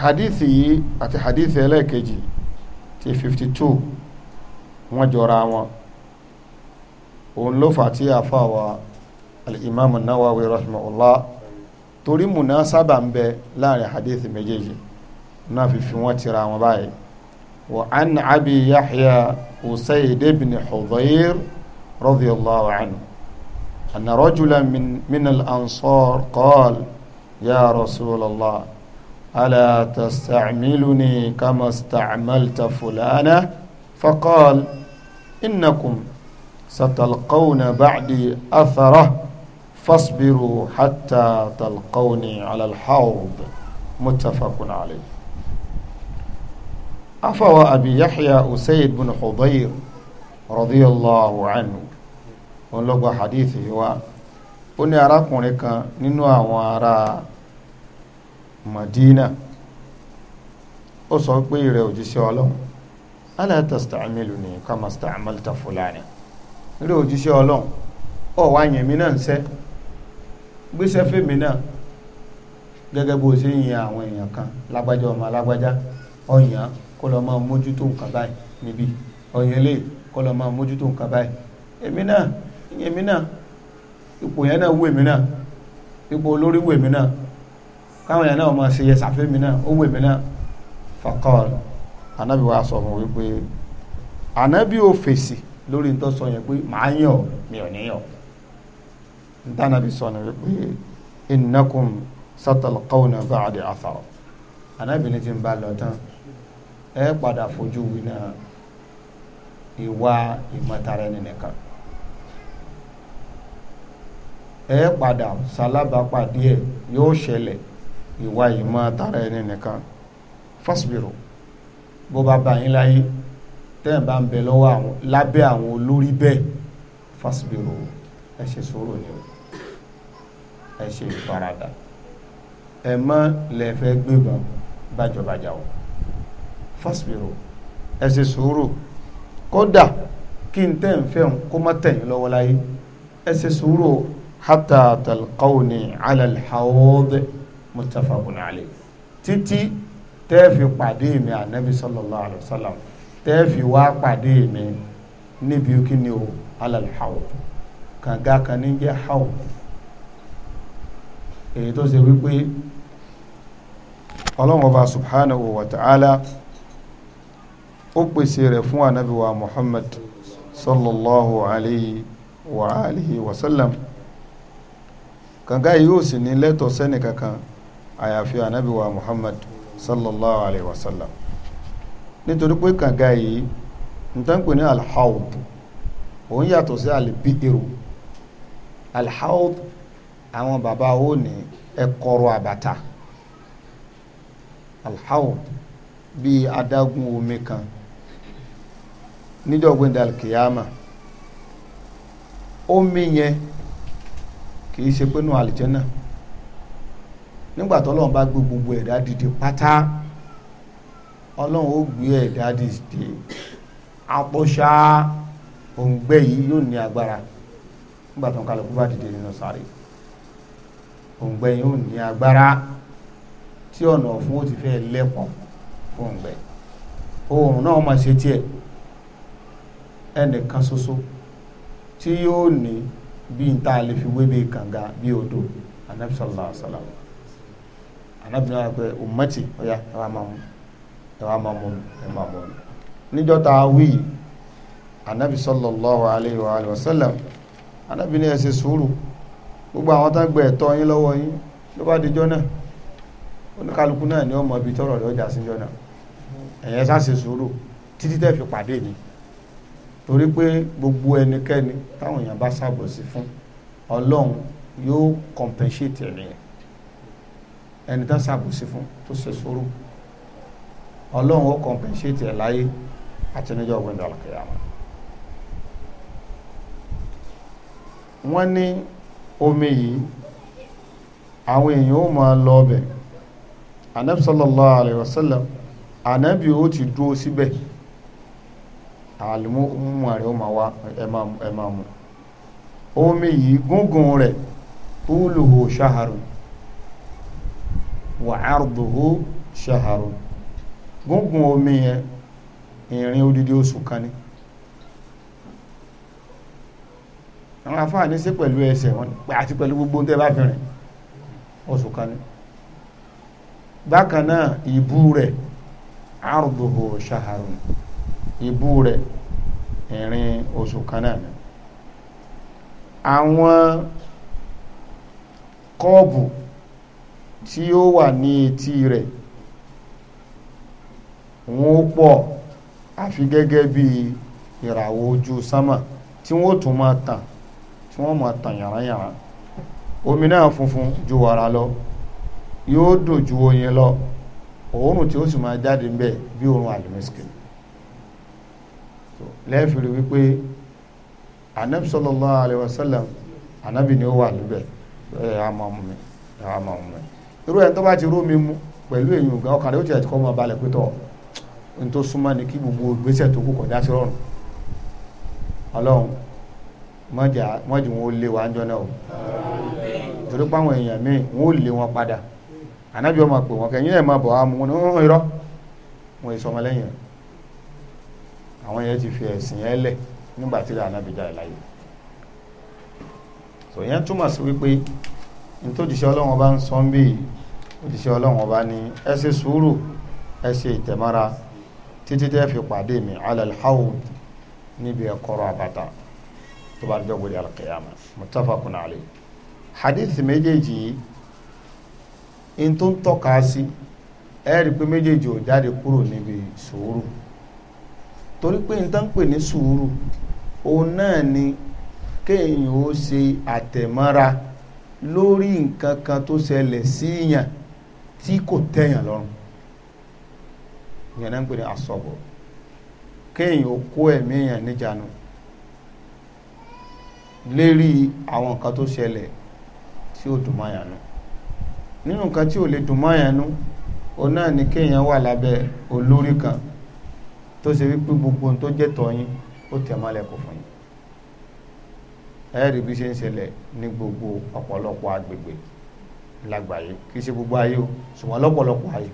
hadithi yìí àti hadithi ẹlẹ́ẹ̀kejì ti fifty two wọ́n jọra wọn òun ló fà tí a fà wá al-imam nawawi rahimahullah torí muna sábà ń bẹ láàrin hadithi méjèèjì náà fi fi wọn tira wọn báyìí wa an abi yahya usayd ibn hudayr radiyallahu anhu anna rajulan min min al-ansar qala ya rasulallah ala tastacmiluni kama stacmalta fulana faqal innakum satalqawna bacdi athara فاصبروا حتى تلقوني على الحوض متفق عليه أفوى أبي يحيى أسيد بن حضير رضي الله عنه ونلقى حديثه هو ó ní arákùnrin kan nínú àwọn ará Madina ó sọ pé ìrẹ òjíṣẹ́ Ọlọ́run ala tasta'miluni kama sta'malta fulana ìrẹ òjíṣẹ́ Ọlọ́run ọ wá yẹn mi náà ń sẹ́ gbéṣẹ́ fèmí náà gẹ́gẹ́ bó ṣe ń yan àwọn èèyàn kan lágbájá ọmọ alágbájá ọ̀yàn kó lọ máa mójútó nǹkan báyìí níbi ọ̀yàn lè kó lọ máa mójútó nǹkan báyìí èmi náà èmi náà ipò yẹn náà wù èmi náà ipò olórí wù èmi náà káwọn èèyàn náà máa ṣe yẹ sàfẹ́mi náà ó wù èmi náà fakọ́ọ̀lù anábì wa sọ fún wípé anábì ò fèsì lórí nítòsọ yẹn pé màá yàn mi ò níyàn dánàbí sọnù wípé innakum satalqawna ba'da athara anábìnrin ti ń bá lọ tán ẹ padà fojú winá ìwà ìmọ̀tara ẹni nìkan ẹ padà sálábàápàdé ẹ yóò ṣẹlẹ̀ ìwà ìmọ̀tara ẹni nìkan fásbìrò bó bá bá yín tẹ́yìn bá ń bẹ lọ́wọ́ àwọn lábẹ́ àwọn olórí bẹ́ẹ̀ fásbìrò ẹ ṣe sùúrù ni o ẹ ṣe ìfaradà ẹ mọ́ lẹ́fẹ́ gbébọn bájọba jà o fọ́sibírò ẹ ṣe sùúrù kódà kí n tẹ́ ń fẹ́ ń kó má tẹ̀yìn lọ́wọ́ láyé ẹ ṣe sùúrù o hátà talqawni ala al-hawd muttafaqun alayh títí tẹ́ẹ̀fì pàdé mi ànábi sallallahu alayhi wa sallam tẹ́ẹ̀fì wá pàdé mi níbi kí ni o ala al-hawd kan ní jẹ́ hawd èyí tó ṣe wípé ọlọ́run ọba subhanahu wa ta'ala ó pèsè rẹ̀ fún ànábì wa muhammad sallallahu alayhi wa alihi wa sallam kànga yìí ó sì ní lẹ́tọ̀ sẹ́ni kankan àyàfi ànábì wa muhammad sallallahu alayhi wa sallam nítorí pé kànga yìí n tán ní alhaud òun yàtọ̀ sí albiiru alhaud àwọn bàbá ó ní ẹkọrọ àbàtà alhaw bíi adágún omi kan níjọ́ gbẹ̀ndà alkiyama omi yẹn kìí ṣe pé nù àlìjẹ́nà nígbà tọ́lọ́run bá gbé gbogbo ẹ̀dá dìde pátá ọlọ́run ó gbé ẹ̀dá dìde àpọ̀ṣá òǹgbẹ́ yìí yóò ní agbára nígbà tó ń kalẹ̀ kú bá nínú sáré òǹgbẹ yóò ní agbára tí ọ̀nà ọ̀fun ó ti fẹ́ lẹ́pọ̀n òǹgbẹ oòrùn náà máa ṣe tiẹ̀ ẹnìkan ṣoṣo tí yóò ní bí n ta lè fi wébé kànga bí odò anabi sallallahu alaihi wa sallam anabi náà pé ummati ọ̀ya ẹ wá máa mú ẹ wá máa mú ẹ máa mú níjọ́ tá a wí yìí anabi sallallahu wa sallam anabi náà ṣe sùúrù gbogbo àwọn tán gbẹ ẹ̀tọ́ yín lọ́wọ́ yín ló bá dijọ́ náà oníkálukú náà ni ó mọ ibi tọ́rọ̀ lọ́jà síjọ́ náà ẹ̀yẹn sáṣe sùúrù títí tẹ́ fi pàdé mi torí pé gbogbo ẹnikẹ́ni táwọn èèyàn bá ṣàbòsí fún ọlọ́run yóò compensate ẹ̀yẹn ẹni tán ṣàbòsí fún tó ṣe sùúrù ọlọ́run ó compensate ẹ̀ láyé àti níjọ́ ọ̀gbìn dàlùkẹ́yàmọ́ wọ́n ní omi yìí àwọn èèyàn ó máa lọ ọbẹ̀ anabi sallallahu alayhi wa sallam anabi ó ti dúró síbẹ̀ àlùmọ́ mú rẹ̀ ó máa wá ẹ máa mú omi yìí gúngùn rẹ̀ túlùhù ṣaharun wà árùdùhù ṣaharun gúngùn omi yẹn ìrìn odidi oṣù kan ni àwọn afáàní sí pẹ̀lú ẹsẹ̀ wọn àti pẹ̀lú gbogbo tẹ́ bá fi rìn oṣù kan ní bákan náà ìbú rẹ̀ àrùdùhù ṣaharun ìbú rẹ̀ ìrìn oṣù kan náà ni àwọn kọ́ọ̀bù tí ó wà ní etí rẹ̀ wọ́n pọ̀ àfi gẹ́gẹ́ bí ìràwọ̀ ojú sánmà tí tí wọ́n máa tàn yàrá-yàrá omi náà funfun ju wàrà lọ yóò dùn ju oyin lọ òórùn tí ó sì máa jáde ńbẹ̀ bí oorun àlùmísìkì lẹ́ẹ̀fìrí wípé anabi alayhi wa sallam anabi ni ó wà níbẹ̀ ẹ̀ ọmọ mi irú ẹ̀ tó bá ti rú mi mú pẹ̀lú èyí nǹkan ọkàn rẹ̀ ó ti ẹ̀ kọ́ máa balẹ̀ n tó súnmọ́ ni kí gbogbo ìgbésẹ̀ tó kù kọjá sí rọrùn ọlọ́run mọ́jà mọ́jì wọn ó lé wa ńjọ́ náà o torí pé àwọn èèyàn míì wọn ó lé wọn padà ànábì ọmọ pé wọn kẹyìn ẹ̀ máa bọ̀ àmú ní hàn irọ́ wọn èso ọmọ lẹ́yìn àwọn yẹn ti fi ẹ̀sìn yẹn lẹ̀ nígbà tí ànábì jáde láyé sọ yẹn túmọ̀ sí wípé nítòjìṣẹ́ ọlọ́run ọba ń sọ ń bí òjìṣẹ́ ọlọ́run ọba ní ẹ ṣe sùúrù ẹ ṣe ìtẹ̀mọ́ra títí tẹ́ fi pàdé mi alẹ́ alhawd níbi ẹ̀kọ́rọ̀ àbàtà tó bá dọ́gbò di alqiyama muttafaqun alayhi hadith méjèèjì yìí n tó ń tọ́ka sí ẹ rí i pé méjèèjì ò jáde kúrò níbi sùúrù torí pé n tán pè ní sùúrù òun náà ni kéèyàn ó ṣe àtẹ̀mọ́ra lórí nǹkan kan tó ṣẹlẹ̀ síyàn tí kò tẹ̀yàn lọ́rùn yẹn náà ń pè ní asọ̀bọ̀ kéèyàn ó kó ẹ̀mí èèyàn níjànú lérí àwọn nǹkan tó ṣẹlẹ̀ tí ó dùn mọ́ nínú nǹkan tí ò lè dùn mọ́ òun náà ni kéèyàn wà lábẹ́ olórí kan tó ṣe wípé gbogbo ohun tó jẹ́ tọ́yìn ó tẹ̀ mọ́lẹ̀ kò fún yín ẹ̀rí bí ṣe ń ṣẹlẹ̀ ní gbogbo ọ̀pọ̀lọpọ̀ agbègbè lágbàáyé kì í ṣe gbogbo ayé o ṣùgbọ́n lọ́pọ̀lọpọ̀ ayé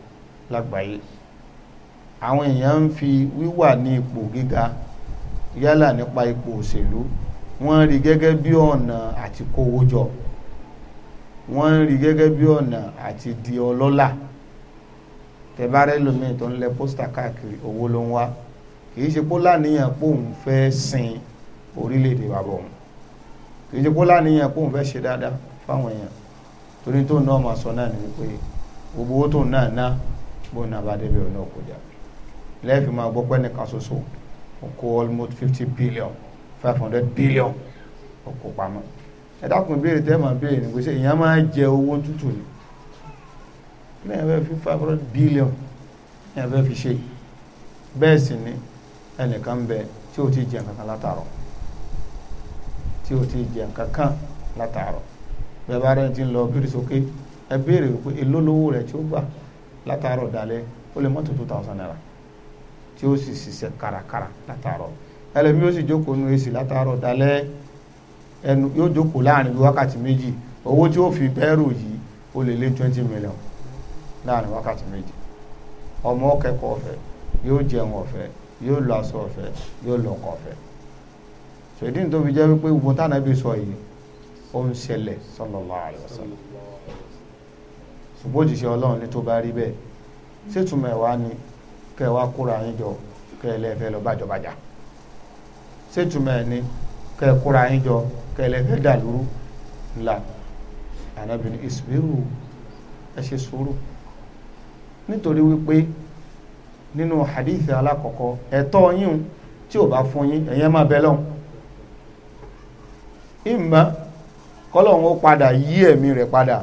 lágbàáyé àwọn èèyàn ń fi wíwà ní ipò gíga yálà nípa ipò òṣèlú wọ́n rí gẹ́gẹ́ bí ọ̀nà àti kówó jọ wọ́n rí gẹ́gẹ́ bí ọ̀nà àti di ọlọ́lá tẹ̀bárẹ́ lómi tó ń lẹ pósítà káàkiri owó ló ń wá kìí ṣe pó láníyàn pé òun fẹ́ sin orílẹ̀-èdè bàbá òun kìí ṣe pó láníyàn pé òun fẹ́ ṣe dáadáa fáwọn èèyàn torí tó náà máa sọ náà ni wípé gbogbo owó tó náà ná bóun náà bá débi ọ̀nà òkòjà lẹ́ẹ̀fì máa gbọ́ pẹ́ẹ́nì kan ṣoṣo ó kó almost fifty billion five hundred billion kó pamọ́ ẹ̀dákùn ìbéèrè tẹ́ máa béèrè ní pèsè èèyàn máa jẹ owó tútù ni lẹ́yìn fẹ́ fi five hundred billion lẹ́yìn fẹ́ fi ṣe bẹ́ẹ̀ sì ni ẹnìkan bẹ tí ò ti jẹ nǹkan kan látàárọ̀ tí ò ti jẹ nǹkan kan látàárọ̀ bẹ́ẹ̀ bá rẹ̀ ti ń lọ bírí sókè ẹ béèrè wípé èló rẹ̀ tí ó gbà látàárọ̀ dalẹ́ ó lè mọ́ two thousand naira tí ó sì ṣiṣẹ́ kárakára látàárọ̀ ẹlẹ́mi yóò sì jókòó nu èsì ẹnu yóò jókòó láàrin bí wákàtí méjì owó tí ó fi bẹ́rù yìí ó lè lé twenty million láàrin wákàtí méjì ọmọ kẹ́kọ̀ọ́ ọfẹ yóò jẹun ọfẹ yóò lọ aṣọ ọ̀fẹ́ yóò lọ ọkọ̀ ọfẹ fi wípé gbogbo sọ yìí ó ń ṣùgbọ́n òjìṣẹ́ ọlọ́run ní tó bá rí bẹ́ẹ̀ ṣètùmọ̀ ni kẹ́ ẹ wá kóra yín jọ kẹ́ ẹ lẹ́ẹ̀fẹ́ sétúmọ̀ ẹ̀ ni kẹ́ ẹ kóra yín jọ kẹ́ ẹ lẹ́fẹ́ dà lóru ńlá ànábì ní ìsìbírù ẹ ṣe sùúrù nítorí wípé nínú hadith alákọ̀ọ́kọ́ ẹ̀tọ́ yín tí ò bá fún yín ẹ̀yẹn máa bẹ lọ́hùn ìmọ̀ kọ́lọ́hún ó padà yí ẹ̀mí rẹ̀ padà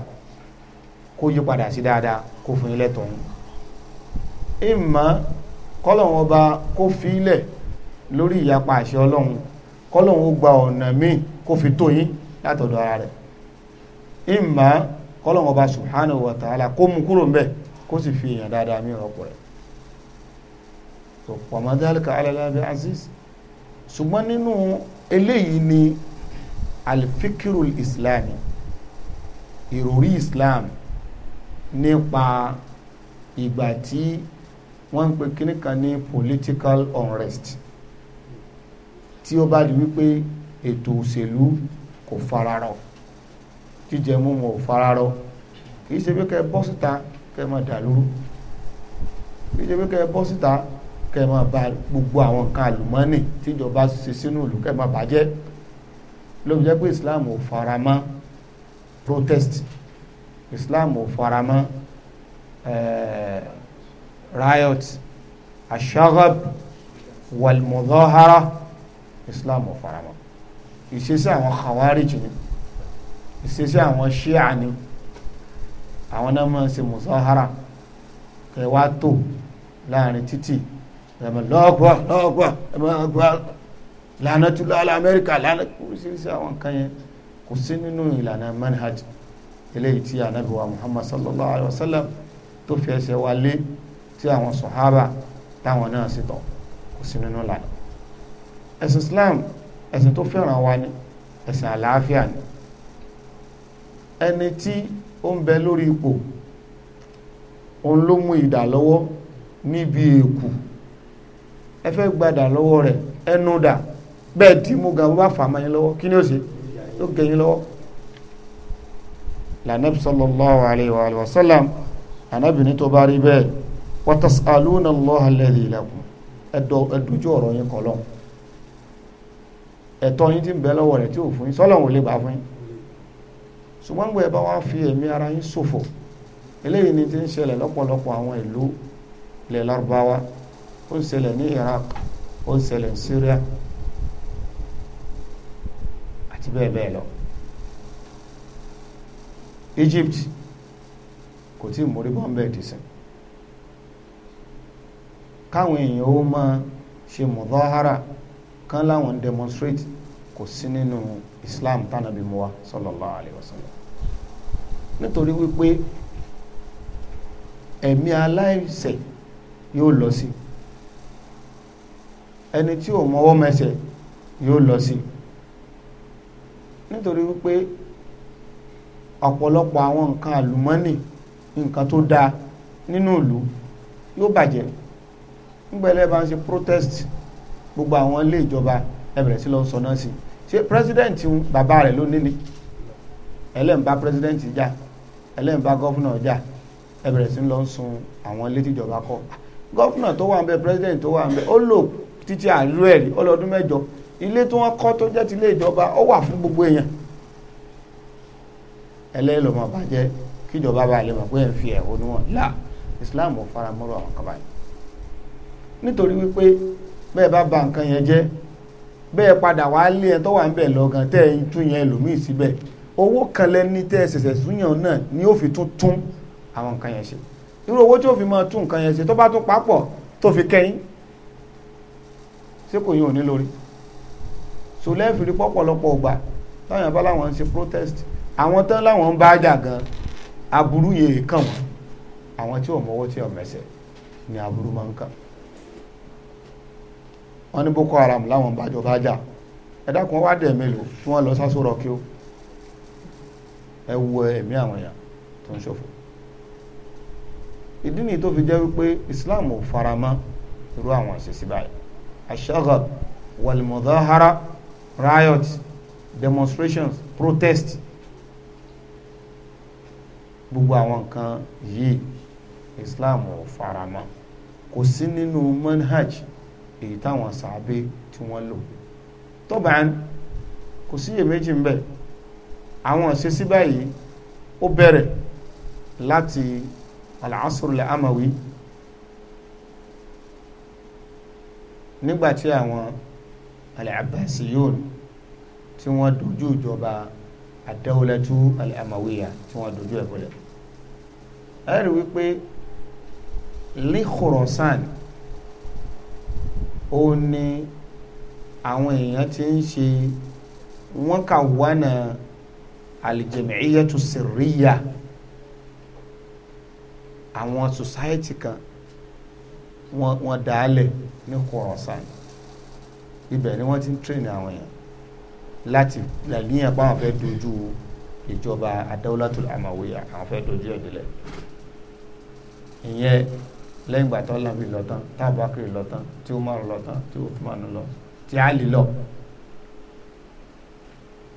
kó yí padà sí dáadáa kó fún yín lẹ́tọ̀ọ́ yín ìmọ̀ kọ́lọ́hún ọba kó fi í lórí ìyapa àṣẹ ọlọ́run kọ́lọ́run ó gba ọ̀nà míì kó fi tó yín látọ̀dọ̀ ara rẹ̀ ìmọ̀ kọ́lọ́run ọba subhanahu wa ala kó mú kúrò ńbẹ̀ kó sì fi èèyàn dáadáa mí rọ́pò rẹ̀ tó pọ̀mọ́ dálíkà alẹ́lábẹ́ aziz ṣùgbọ́n nínú eléyìí ni alifikirul Islam ìròrí islam nípa ìgbà tí wọ́n ń pe kíníkan ní political unrest tí ó bá di wípé ètò òṣèlú kò fararọ jíjẹ múmu ò fararọ kì í ṣe pé kẹ bọ́ síta kẹ máa dà lóru kì í ṣe pé kẹ bọ́ síta kẹ máa ba gbogbo àwọn nǹkan àlùmọ́ọ́nì tíjọba ṣe sínú ìlú kẹ máa bàjẹ́ ló jẹ́ pé Islam ò fara mọ́ protest Islam ò fara mọ́ eh, riot ashagab walmudahara islam ò faramọ́ ìṣesí àwọn khawarij ni ìṣesí àwọn shia ni àwọn náà máa ń ṣe muzahara kẹ wá tó láàrin títì ẹmọ lọ́gbọ́ lọ́gbọ́ ẹmọ ọgbọ́ lànà tula ala amẹ́ríkà lànà oríṣiríṣi àwọn nǹkan yẹn kò sí nínú ìlànà manhaj eléyìí tí anabi wa muhammad sallallahu alayhi wa sallam tó fi ẹsẹ̀ wa lé tí àwọn sọ̀hábà táwọn náà sì tọ̀ kò sí nínú ìlànà ẹ̀sìn Islam ẹ̀sìn tó fẹ́ràn wa ni ẹ̀sìn àlàáfíà ni ẹni tí ó ń bẹ lórí ipò òun ló mú idà lọ́wọ́ níbi èkù ẹ fẹ́ gbadà lọ́wọ́ rẹ̀ ẹnu dà bẹ́ẹ̀ dì mú gan bó bá fà á máa yín lọ́wọ́ kí ni ó ṣe ó gé yín lọ́wọ́ lànàbí sallallahu alayhi wa ní tó bá rí bẹ́ẹ̀ wa tas'aluna Allaha alladhi lakum ẹ̀dùjọ́ ọ̀rọ̀ yín kọ́ ẹ̀tọ́ yín ti ń bẹ lọ́wọ́ rẹ̀ tí ò fún yín sọ́lọ́hún ò lè fún yín ṣùgbọ́n gbé ẹ fi ẹ̀mí ara yín ṣòfò eléyìí ni ti ń ṣẹlẹ̀ lọ́pọ̀lọpọ̀ àwọn ìlú ilẹ̀ Lárúbáwá ó ń ṣẹlẹ̀ ní Iraq ó ń ṣẹlẹ̀ ní Syria àti bẹ́ẹ̀ bẹ́ẹ̀ lọ Egypt kò tí ì mórí bọ́m̀bẹ́ ti káwọn èèyàn ó máa ṣe kan láwọn demonstrate kò sí nínú Islam tánàbí mu wa sallallahu alayhi wa sallam nítorí wípé ẹ̀mí aláìṣẹ̀ yóò lọ sí ẹni tí ò mọwọ́ mẹsẹ̀ yóò lọ sí nítorí wípé ọ̀pọ̀lọpọ̀ àwọn nǹkan àlùmọ́nì nǹkan tó dáa nínú ìlú yóò bàjẹ́ nígbẹ̀lẹ́ bá ń ṣe protest gbogbo àwọn ilé ìjọba ẹ bẹ̀rẹ̀ sí lọ sọ náà sí ṣé president bàbá rẹ̀ ló nílé ẹlẹ́nba president jà ẹlẹ́nba gọ́fúnà jà ẹ bẹ̀rẹ̀ sí lọ sun àwọn ilé tíjọba kọ́ gọ́fúnà tó wà ń bẹ president tó wà ń bẹ ó lò títí àlú ẹ̀rí ọlọ́dún mẹ́jọ ilé tí wọ́n kọ́ tó jẹ́ ti ilé ìjọba ó wà fún gbogbo èèyàn ẹlẹ́yìn lọ́mọ bàjẹ́ kíjọba bá lè mọ̀ pé ẹ̀ ń fi ẹ̀hónú wọn là Islam ò faramọ́rọ̀ àwọn kaba yìí nítorí wípé bẹ́ẹ̀ bá ba nǹkan yẹn jẹ́ bẹ́ẹ̀ padà wá lé ẹ tó wà ń bẹ̀ lọ́gàn tẹ́ ẹ tún yẹn ẹlòmíì síbẹ̀ owó kan lẹ́ni tẹ́ ẹ ṣẹ̀ṣẹ̀ súnyàn náà ni ó fi tún tún àwọn nǹkan yẹn ṣe irú owó tí ó fi máa tún nǹkan yẹn ṣe tó bá tún papọ̀ tó fi kẹ́yìn ṣé kò yín ò ní lórí so lẹ́ẹ̀fì pọ̀pọ̀lọpọ̀ ọgbà táwọn yàrá ń ṣe protest àwọn tán láwọn ń bá jà gan aburú yèé kàn wọ́n àwọn tí ò mọ́wọ́ tí ò mẹ́sẹ̀ ni aburú máa ń kàn wọ́n ní Boko Haram láwọn bàjọba jà ẹ̀dá kan wá dẹ̀ mélòó tí wọ́n lọ sásó rọ kí ó ẹ wo ẹ̀mí àwọn èèyàn tó ń ṣòfò ìdí nìyí tó fi jẹ́ wípé Islam ò fara mọ́ irú àwọn àṣẹṣe báyìí ashagab walmudahara riot demonstrations protest gbogbo àwọn nǹkan yìí Islam ò fara mọ́ kò sí nínú manhaj èyí táwọn sàábé tí wọ́n lò tó bá ń kò sí iyèméjì ń bẹ àwọn ìṣesí báyìí ó bẹ̀rẹ̀ láti al-asrul amawi nígbàtí àwọn al-abbasiyun tí wọ́n dojú ìjọba ad-dawlatu al tí wọ́n dojú ẹ̀bọ̀lẹ̀ ẹ̀rí wípé li ó ní àwọn èèyàn ti ń ṣe wọ́n kà wánà aljamiyyatu sirriya àwọn society kan wọ́n dálẹ̀ ní Khorasan ibẹ̀ ni wọ́n ti ń train àwọn èèyàn láti làníyàn báwọn fẹ́ dojú ìjọba adáwọ́látò àmàwòyà àwọn fẹ́ dojú ẹ̀dílẹ̀ ìyẹn lẹ́yìn ìgbà tó lọ́bi lọ tán tá Abubakar lọ tán tí Umar lọ tán tí Uthman lọ tí Ali lọ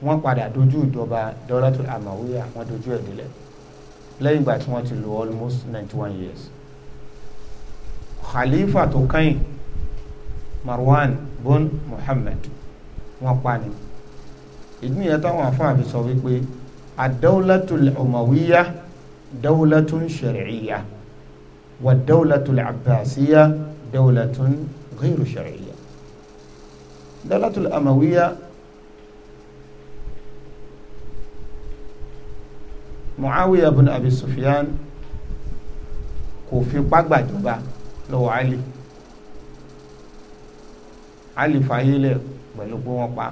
wọ́n padà dojú ìjọba dọ́látù àmàwíyà wọ́n dojú ẹ̀ délẹ̀ lẹ́yìn ìgbà tí wọ́n ti lò almost ninety one years khalifa tó kẹ́yìn Marwan bon Muhammad wọ́n pa ni ìdí nìyẹn táwọn afáàfin sọ wípé àdáwọ́látù ọ̀màwíyà dáwọ́látù ṣẹ̀rẹ̀ẹ́yà wa dawlatul abbasiya dawlatun ghayru shar'iyya dawlatul amawiya muawiya bin abi sufyan kò fipá gbàjọba lọ́wọ́ ali ali fayilẹ̀ pẹ̀lú pé wọ́n pa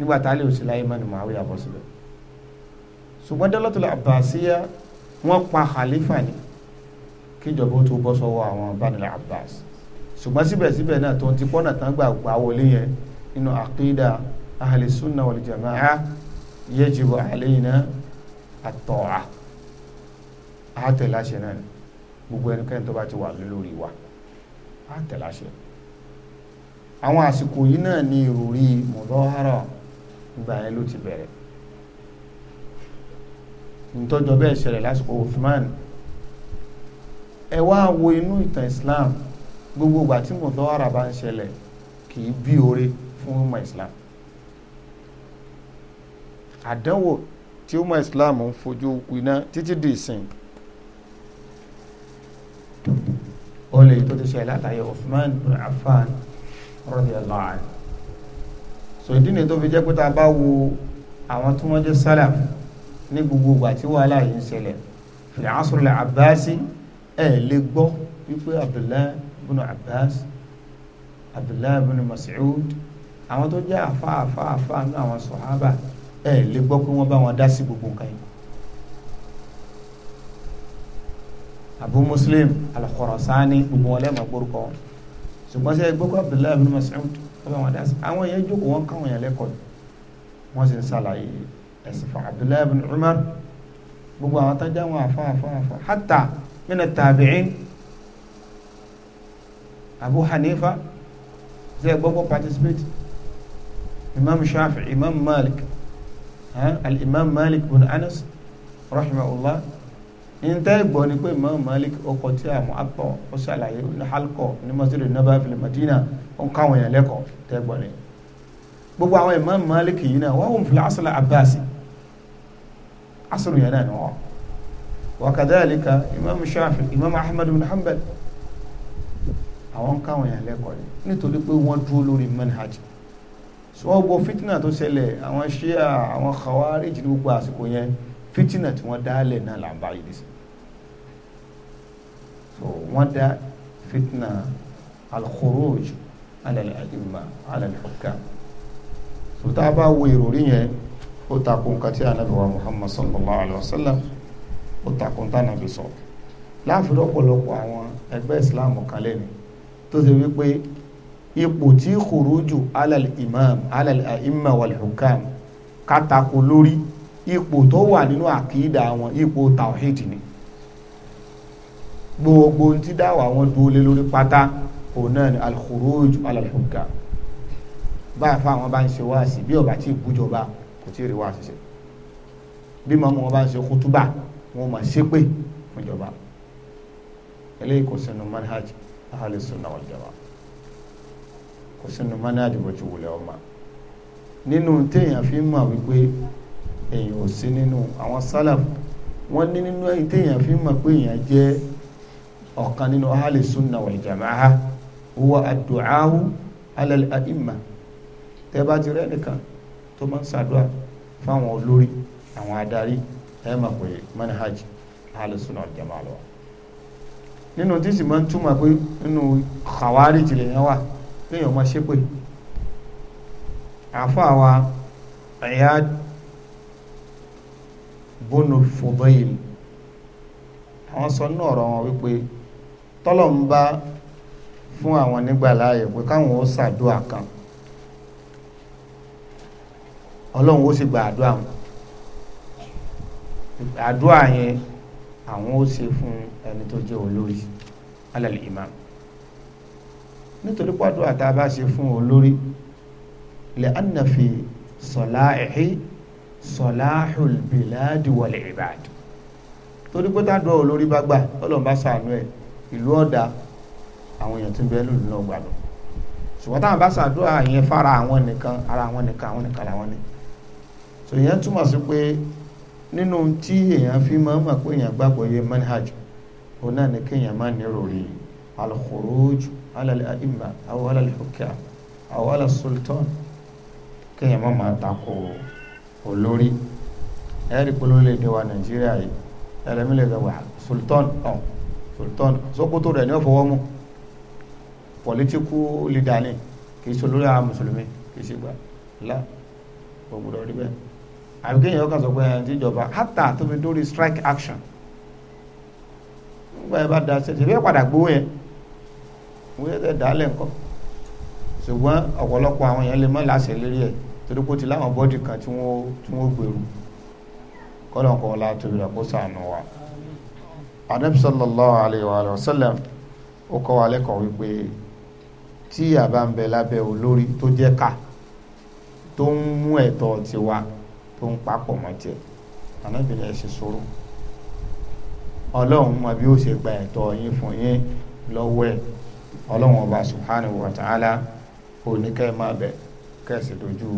nígbà tá a lè sí láyé mọ́ni muawiya bọ́ síbẹ̀ ṣùgbọ́n dawlatul abbasiya wọ́n pa khalifa ni kíjọba ó tó bọ́ sọ́wọ́ àwọn banil abbas ṣùgbọ́n síbẹ̀síbẹ̀ náà tó ń ti pọ́nà tán gbà gbà wọlé yẹn nínú àkídà ahli sunna wal jamaa yajibu alayna at-ta'a àtẹ̀láṣẹ náà ni gbogbo ẹnikẹ́ni tó bá ti wà lórí wa àtẹ̀láṣẹ àwọn àsìkò yìí náà ni ìròrí mudahara ìgbà yẹn ló ti bẹ̀rẹ̀ ntọ́jọ́ bẹ́ẹ̀ ṣẹlẹ̀ lásìkò Uthman ẹ wá wo inú ìtàn Islam gbogbo ìgbà tí mùdọ́wàrà bá ń ṣẹlẹ̀ kì í bí oore fún ọmọ Islam àdánwò tí ọmọ Islam ń fojú winá títí di ìsìn ó lè tó ti ṣẹlẹ̀ látàyè Uthman bin Affan radiyallahu so ìdí ni tó fi jẹ́ pé tá a bá wo àwọn tí wọ́n jẹ́ sálà ní gbogbo ìgbà tí wàhálà yìí ń ṣẹlẹ̀ fil asr al-Abbasi ẹ lè gbọ́ wípé abdullahi ibn abbas abdullahi ibn mas'ud àwọn tó jẹ́ àfa àfa àfa nínú àwọn sọ̀hábà ẹ lè gbọ́ pé wọ́n bá wọn dá sí gbogbo nǹkan yìí. abu muslim al-khurasani gbogbo wọn lẹ́ẹ̀ma gbórúkọ wọn ṣùgbọ́n sẹ́yìn gbogbo abdullahi ibn mas'ud wọ́n bá wọn dá sí àwọn yẹn jókòó wọn káwọn yẹn lẹ́kọ̀ọ́ wọ́n sì ń ṣàlàyé ẹ̀sìn fún abdullahi ibn umar gbogbo àwọn tájà wọn àfa àfa àfa hátà. من التابعين أبو حنيفة زي بابا بارتيسبيت إمام شافعي إمام مالك ها الإمام مالك بن أنس رحمه الله إن تايبو نكو إمام مالك أو معطو وسالعي نحلقو نمزير النبا في المدينة ونقاوي لكو تايبو نكو gbogbo àwọn Imam Malik yìí náà wọ́n wọ́n fi asọ́lá abasi asọ́lù yẹn náà ni wọ́n. وكذلك إمام الشافعي إمام أحمد بن حنبل àwọn káwọn èèyàn lẹ́kọ̀ọ́ ni nítorí pé wọ́n dúró lórí manhaj so wọ́n gbọ́ fitna tó ṣẹlẹ̀ àwọn ṣíà àwọn khawarij ní gbogbo àsìkò yẹn fitna tí wọ́n dálẹ̀ náà là ń bá yìí dìsí so wọ́n dá fitna al-khuruj ala al-a'imma so tá a bá wo ìròrí yẹn ó takò nǹkan tí Ànábì wa Muhammad sallallahu alayhi wa sallam ó takùn tánàbí sọ láàfin ọ̀pọ̀lọpọ̀ àwọn ẹgbẹ́ islam kan lẹ́nu tó ṣe wípé ipò tí khuruju alal imam alal aimma wal hukam kátàkù lórí ipò tó wà nínú àkídà wọn ipò tawhid ni gbogbo tí dáwà wọn dúró lé lórí pátá òun náà ni al khuruju alal hukam báyà bá ń ṣe wáàsí bí ọba tí ìbújọba kò tí ì rí wáàsí ṣe bí mọ́mú wọn bá ń ṣe kútúbà wọn máa ṣépè fún ìjọba eléyìí kò sínú manhaj ahali sunna wal jamaa kò sínú manhaj bó ti wulẹ̀ ọmọ nínú téèyàn fi ń mọ̀ wípé èèyàn ò sí nínú àwọn sálàf wọ́n ní nínú téèyàn fi ń mọ̀ pé èèyàn jẹ́ ọ̀kan nínú ahali sunna wal jamaa huwa adu'ahu ala al tẹ́ bá ti rẹ́ nìkan tó máa ń ṣàdúrà fáwọn olórí àwọn adarí ẹ mọ̀ pé manhaj alùsùn náà jẹ́ màlúwa nínú tí sì máa ń túmọ̀ pé nínú kàwárí tìlẹ̀ yẹn wà léèyàn máa ṣe pé àfa wa Iyad bunu fudail àwọn sọ ní ọ̀rọ̀ wọn wípé tọ́lọ̀ ń bá fún àwọn nígbà láàyè pé káwọn ó ṣàdúà kan ọlọ́run ó sì gba àdúà wọn àdúrà yẹn àwọn ó ṣe fún ẹni tó jẹ́ olórí alal imam nítorí pàdúrà tá a bá ṣe fún olórí lè ànàfi sọláìhí sọláhùl bìláàdì wal ìbàdì torí pé tá a dúró olórí bá gbà ọlọ́run bá ṣàánú ẹ̀ ìlú ọ̀dà àwọn èèyàn tó ń lòlù náà gbàdọ̀ ṣùgbọ́n táwọn bá ṣàdúrà yẹn fara àwọn nìkan ara àwọn nìkan àwọn nìkan làwọn ni so túmọ̀ sí pé nínú tí èèyàn fi máa ń mà pé èèyàn gbàgbọ́ yẹ manhaj òun náà ni kéèyàn máa nírò rí al-khuruj ala al-a'imma aw ala al-hukam aw ala al-sultan kéèyàn máa máa takò olórí ẹ̀rí pé olórí èdè wa nàìjíríà yìí ẹlẹ́mí lè gbà ah, sultan ọ̀n oh, sultan sókòtò rẹ̀ ní ọ̀fọwọ́ mú political kì í ṣe olórí àwọn mùsùlùmí kì í ṣe gbà lá gbogbo rẹ̀ bẹ́ẹ̀ àbí kéèyàn kàn sọ pé ẹ̀ ń tíjọba hátà tó fi dórí strike action nígbà yẹn bá da ṣẹṣẹ bí ẹ padà gbowó yẹn wọ́n yẹ kẹ́ dàálẹ̀ nǹkan ṣùgbọ́n ọ̀pọ̀lọpọ̀ àwọn yẹn lè mọ́ láṣẹ lérí ẹ̀ torí kó ti láwọn bọ́dì kan tí wọ́n tí wọ́n gbèrú kọ́lọ̀ kan la tóbi rẹ̀ kó sànù wa. anabi sallallahu alayhi wa sallam ó kọ́ wa lẹ́kọ̀ọ́ wípé tí ìyá ń bẹ lábẹ́ olórí tó jẹ́ ká tó ń mú ẹ̀tọ́ tiwa tó ń papọ̀ mọ́ tiẹ̀ ànábì ni ẹ ṣe sùúrù ọlọ́run mọ bí ó ṣe gba ẹ̀tọ́ yín fún yín lọ́wọ́ ẹ̀ ọlọ́run ọba subhanahu wa ta'ala kò ní kẹ́ ẹ máa bẹ̀ kẹ́ ẹ sì dojú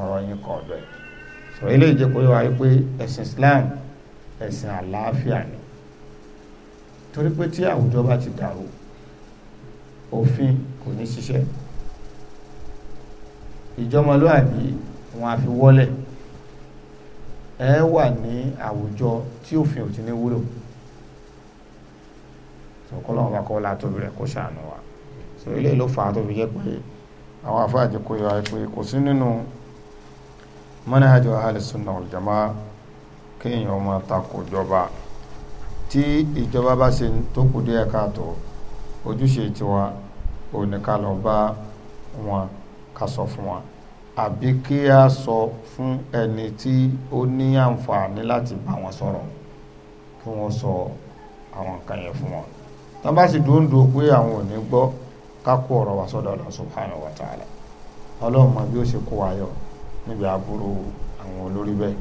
ọ̀rọ̀ yín kọ̀ ọ̀dọ̀ ẹ̀ sọ eléyìí jẹ́ pé wà wípé ẹ̀sìn Islam ẹ̀sìn àlàáfíà ni torí pé tí àwùjọ bá ti dàrú òfin kò ní ṣiṣẹ́ ìjọmọlúàbí wọn á fi wọ́lẹ̀ ẹ wà ní àwùjọ tí òfin ò ti ní wúlò ọkọlọ́wọ́n bá kọ́ látòbí rẹ̀ kó ṣàánú wa so ilé ló fà á tó fi jẹ́ pé àwọn afáàjì kò yọ àìpé kò sí nínú manhaj ahli sunna wal jamaa kéèyàn máa takò jọba tí ìjọba bá ṣe tó kù díẹ̀ káàtó ojúṣe tiwa òní ká lọ bá wọn ká fún wọn àbí kí a sọ fún ẹni tí ó ní àǹfààní láti bá wọn sọ̀rọ̀ kí wọ́n sọ àwọn nǹkan yẹn fún wọn tá bá sì dúndú pé àwọn ò ní gbọ́ ká kó ọ̀rọ̀ wa sọ́dọ̀ Allah subhanahu wa ta'ala ọlọ́run mọ̀ bí ó ṣe kó wa níbi àbúrò àwọn olórí bẹ́ẹ̀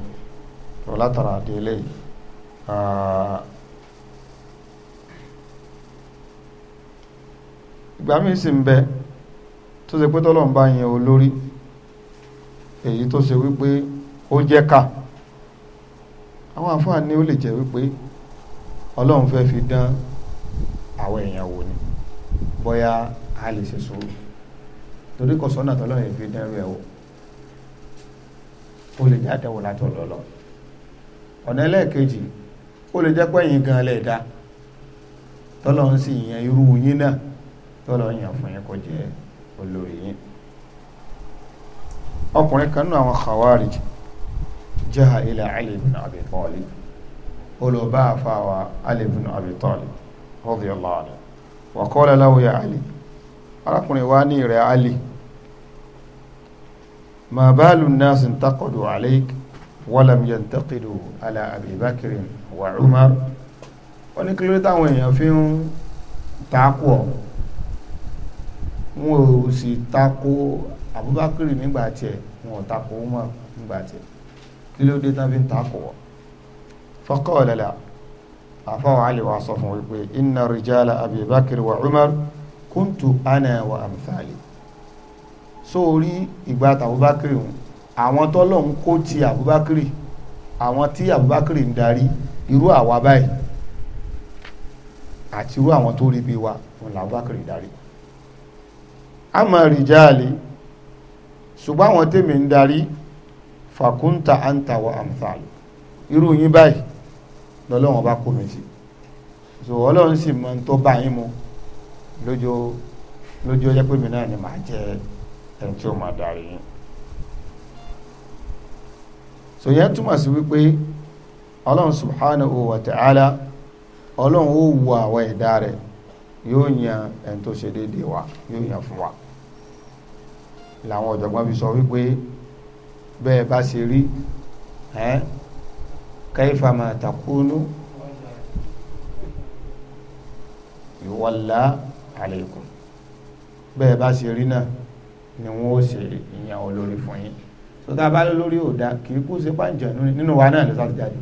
tó látara dé ìgbà míì sì ń bẹ tó ṣe pé tọ́lọ́run yẹn olórí èyí tó ṣe wípé ó jẹ́ ká àwọn o ó lè jẹ́ wípé ọlọ́run fẹ́ fi dán àwọn èèyàn wò ni bóyá a lè ṣe sùúrù torí kò sọ́nà tọ́lọ́run yìí fi dán rẹ̀ wò ó lè jẹ́ àtẹ̀wò láti ọlọ́lọ́ ọ̀nà ẹlẹ́ẹ̀kejì ó lè jẹ́ pẹ́yìn gan lẹ̀ dá tọ́lọ́run sì yan irú yín náà tọ́lọ́run yàn fún yín kó olórí yín. ọkùnrin kan nínú àwọn khawarij jaha ila ali ibn abi talib olùbá àfàwà ali ibn abi talib radiyallahu anhu wa qala lahu ya ali arákùnrin wa ní ìrẹ̀ ali ma balu nasi intaqadu alayk walam yantaqidu ala abi bakr wa umar wọ́n ní ò sì takò Abubakar nígbà tiẹ̀ wọn ò takò Umar nígbà tiẹ̀ kí ló dé tán fi ń takò wọ́n faqala la àfáwọn àlè wa sọ fún wípé inna rijala Abubakar wa Umar kuntu ana wa amthali sórí ìgbà tàbúbákiri wọn àwọn tọ́lọ̀ ń kó ti àbúbákiri àwọn tí àbúbákiri ń darí irú àwa báyìí àti irú àwọn tó rí bí wa òun làbúbákiri darí. àmọ́ rìjáàlì ṣùgbọ́n àwọn tèmi ń darí fàkúntà àǹtà wa àmfààlù irú yín báyìí lọ́lọ́wọ́n bá kómi sí so ọlọ́run sì mọ tó bá yín mu lójó lójó pé mi náà ni màá jẹ́ ẹni tí ó máa darí yín so yẹn túmọ̀ sí wípé ọlọ́run subhanahu wa ta'ala ọlọ́run ó wu àwọn ẹ̀dá rẹ̀ yóò yan ẹni tó ṣe déédéé wa yóò yan fún wa làwọn ọ̀jọ̀gbọ́n fi sọ wípé bẹ́ẹ̀ bá ṣe rí ẹ́ kaifa ma takunu yuwalla alaykum bẹ́ẹ̀ bá ṣe rí náà ni wọ́n ó ṣe ìyàn olórí fún yín tó tá a bá lórí ò dá kì í kú sí pàǹjẹ́ nínú wa náà ló sá ti jáde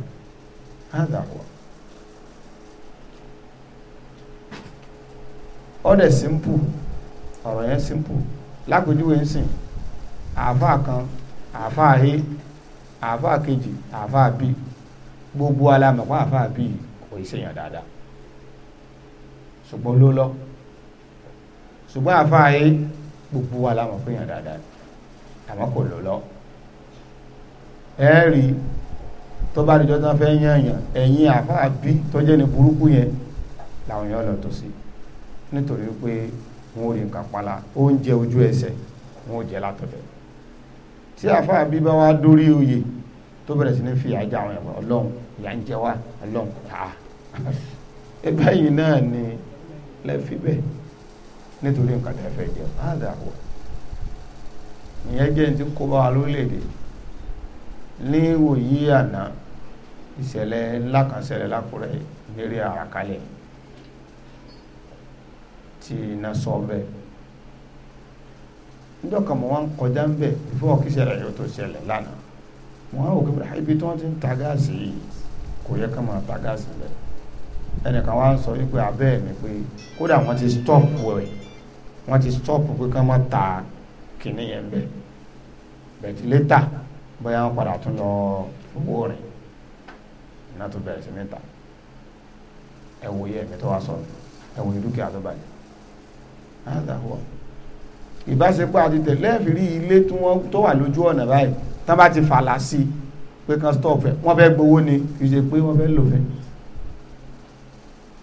hádàkọ́ ọ̀dẹ̀ simple ọ̀rọ̀ yẹn simple lápèjúwe ń sìn àáfàá kan àáfàá he àáfàá kejì àáfàá bí gbogbo alamọ̀pá àáfàá bí kò ì sèyàn dáadáa ṣùgbọ́n ló lọ ṣùgbọ́n àáfàá he gbogbo alamọ̀ pé yàn dáadáa àmọ́ kò ló lọ ẹ rí tó bá dìjọ́ tán fẹ́ yàn yàn ẹ̀yìn àáfàá bí tó jẹ́ ní burúkú yẹn làwọn yàn lọ tó sí nítorí pé wọn ò rí nǹkan pala oúnjẹ ojú ẹsẹ̀ wọn ò jẹ látọ̀dọ̀ tí àfa àbí bá wá dórí oyè tó bẹ̀rẹ̀ sí ní fi àjà àwọn ẹ̀wọ̀n ọlọ́run ìyà ń jẹ wá ọlọ́run ta ẹgbẹ́ yìí náà ni lẹ́fi bẹ́ẹ̀ nítorí nǹkan tẹ́ fẹ́ jẹ ádàwọ̀ ìyẹn jẹ́ ti kó bá wa lórílẹ̀‐èdè ní wòyí àná ìṣẹ̀lẹ̀ ńlá kan ṣẹlẹ̀ lákùrẹ́ ìlérí àràkálẹ̀ yìí tí na sọ bẹ́ẹ̀ níjọ́ kan mo wá ń kọjá ń bẹ̀ fún ọ̀kísẹ́ rẹ̀ yóò tó ṣẹlẹ̀ lánàá mo wá òkè bẹ̀rẹ̀ ibi tí ti ta gáàsì yìí kò yẹ ká máa ta gáàsì bẹ́ẹ̀ ẹnìkan wá ń sọ wípé abẹ́ mi pé kódà wọ́n ti stop ẹ̀ wọ́n ti stop pé kama ta kini yẹn bẹ́ẹ̀ bẹ̀tí létà bóyá wọ́n padà tún lọ owó rìn iná tó bẹ̀rẹ̀ sí níta ẹ wòye ẹ̀mí tó wá sọ̀rọ̀ ẹ wòye tó bàjẹ́ hádà wọ ìbáṣepọ̀ àti tẹ̀lé ẹ̀fìrí ilé tí wọ́n tó wà lójú ọ̀nà báyìí tán bá ti fàlà sí pé kan stop ẹ̀ wọ́n fẹ́ gbowó ni kì í ṣe pé wọ́n fẹ́ lò fẹ́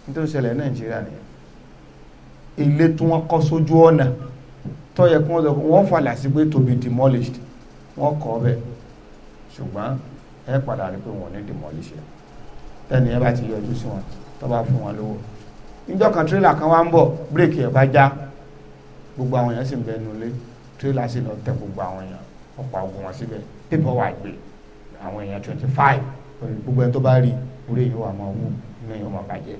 nítorí ṣẹlẹ̀ nàìjíríà nìyẹn ilé tí wọ́n kọ́ sójú ọ̀nà tó yẹ kí wọ́n sọ wọ́n fàlà sí pé to be demolished wọ́n kọ́ ọ bẹ́ẹ̀ ṣùgbọ́n ẹ padà rí pé wọ́n ní demolish ẹ̀ tẹ́ni ẹ bá ti yọjú sí wọn tó bá fún wọn lówó níjọ́ kan tírélà kan wá ń bọ̀ bírèkì ẹ̀ bá já gbogbo àwọn èèyàn sì ń bẹ nu ilé tírélà sì lọ tẹ gbogbo àwọn èèyàn ọ̀pọ̀ àgùn wọn síbẹ̀ pépà wà gbé àwọn èèyàn twenty five gbogbo ẹni tó bá rí orí èèyàn wà máa wú inú èèyàn máa bàjẹ́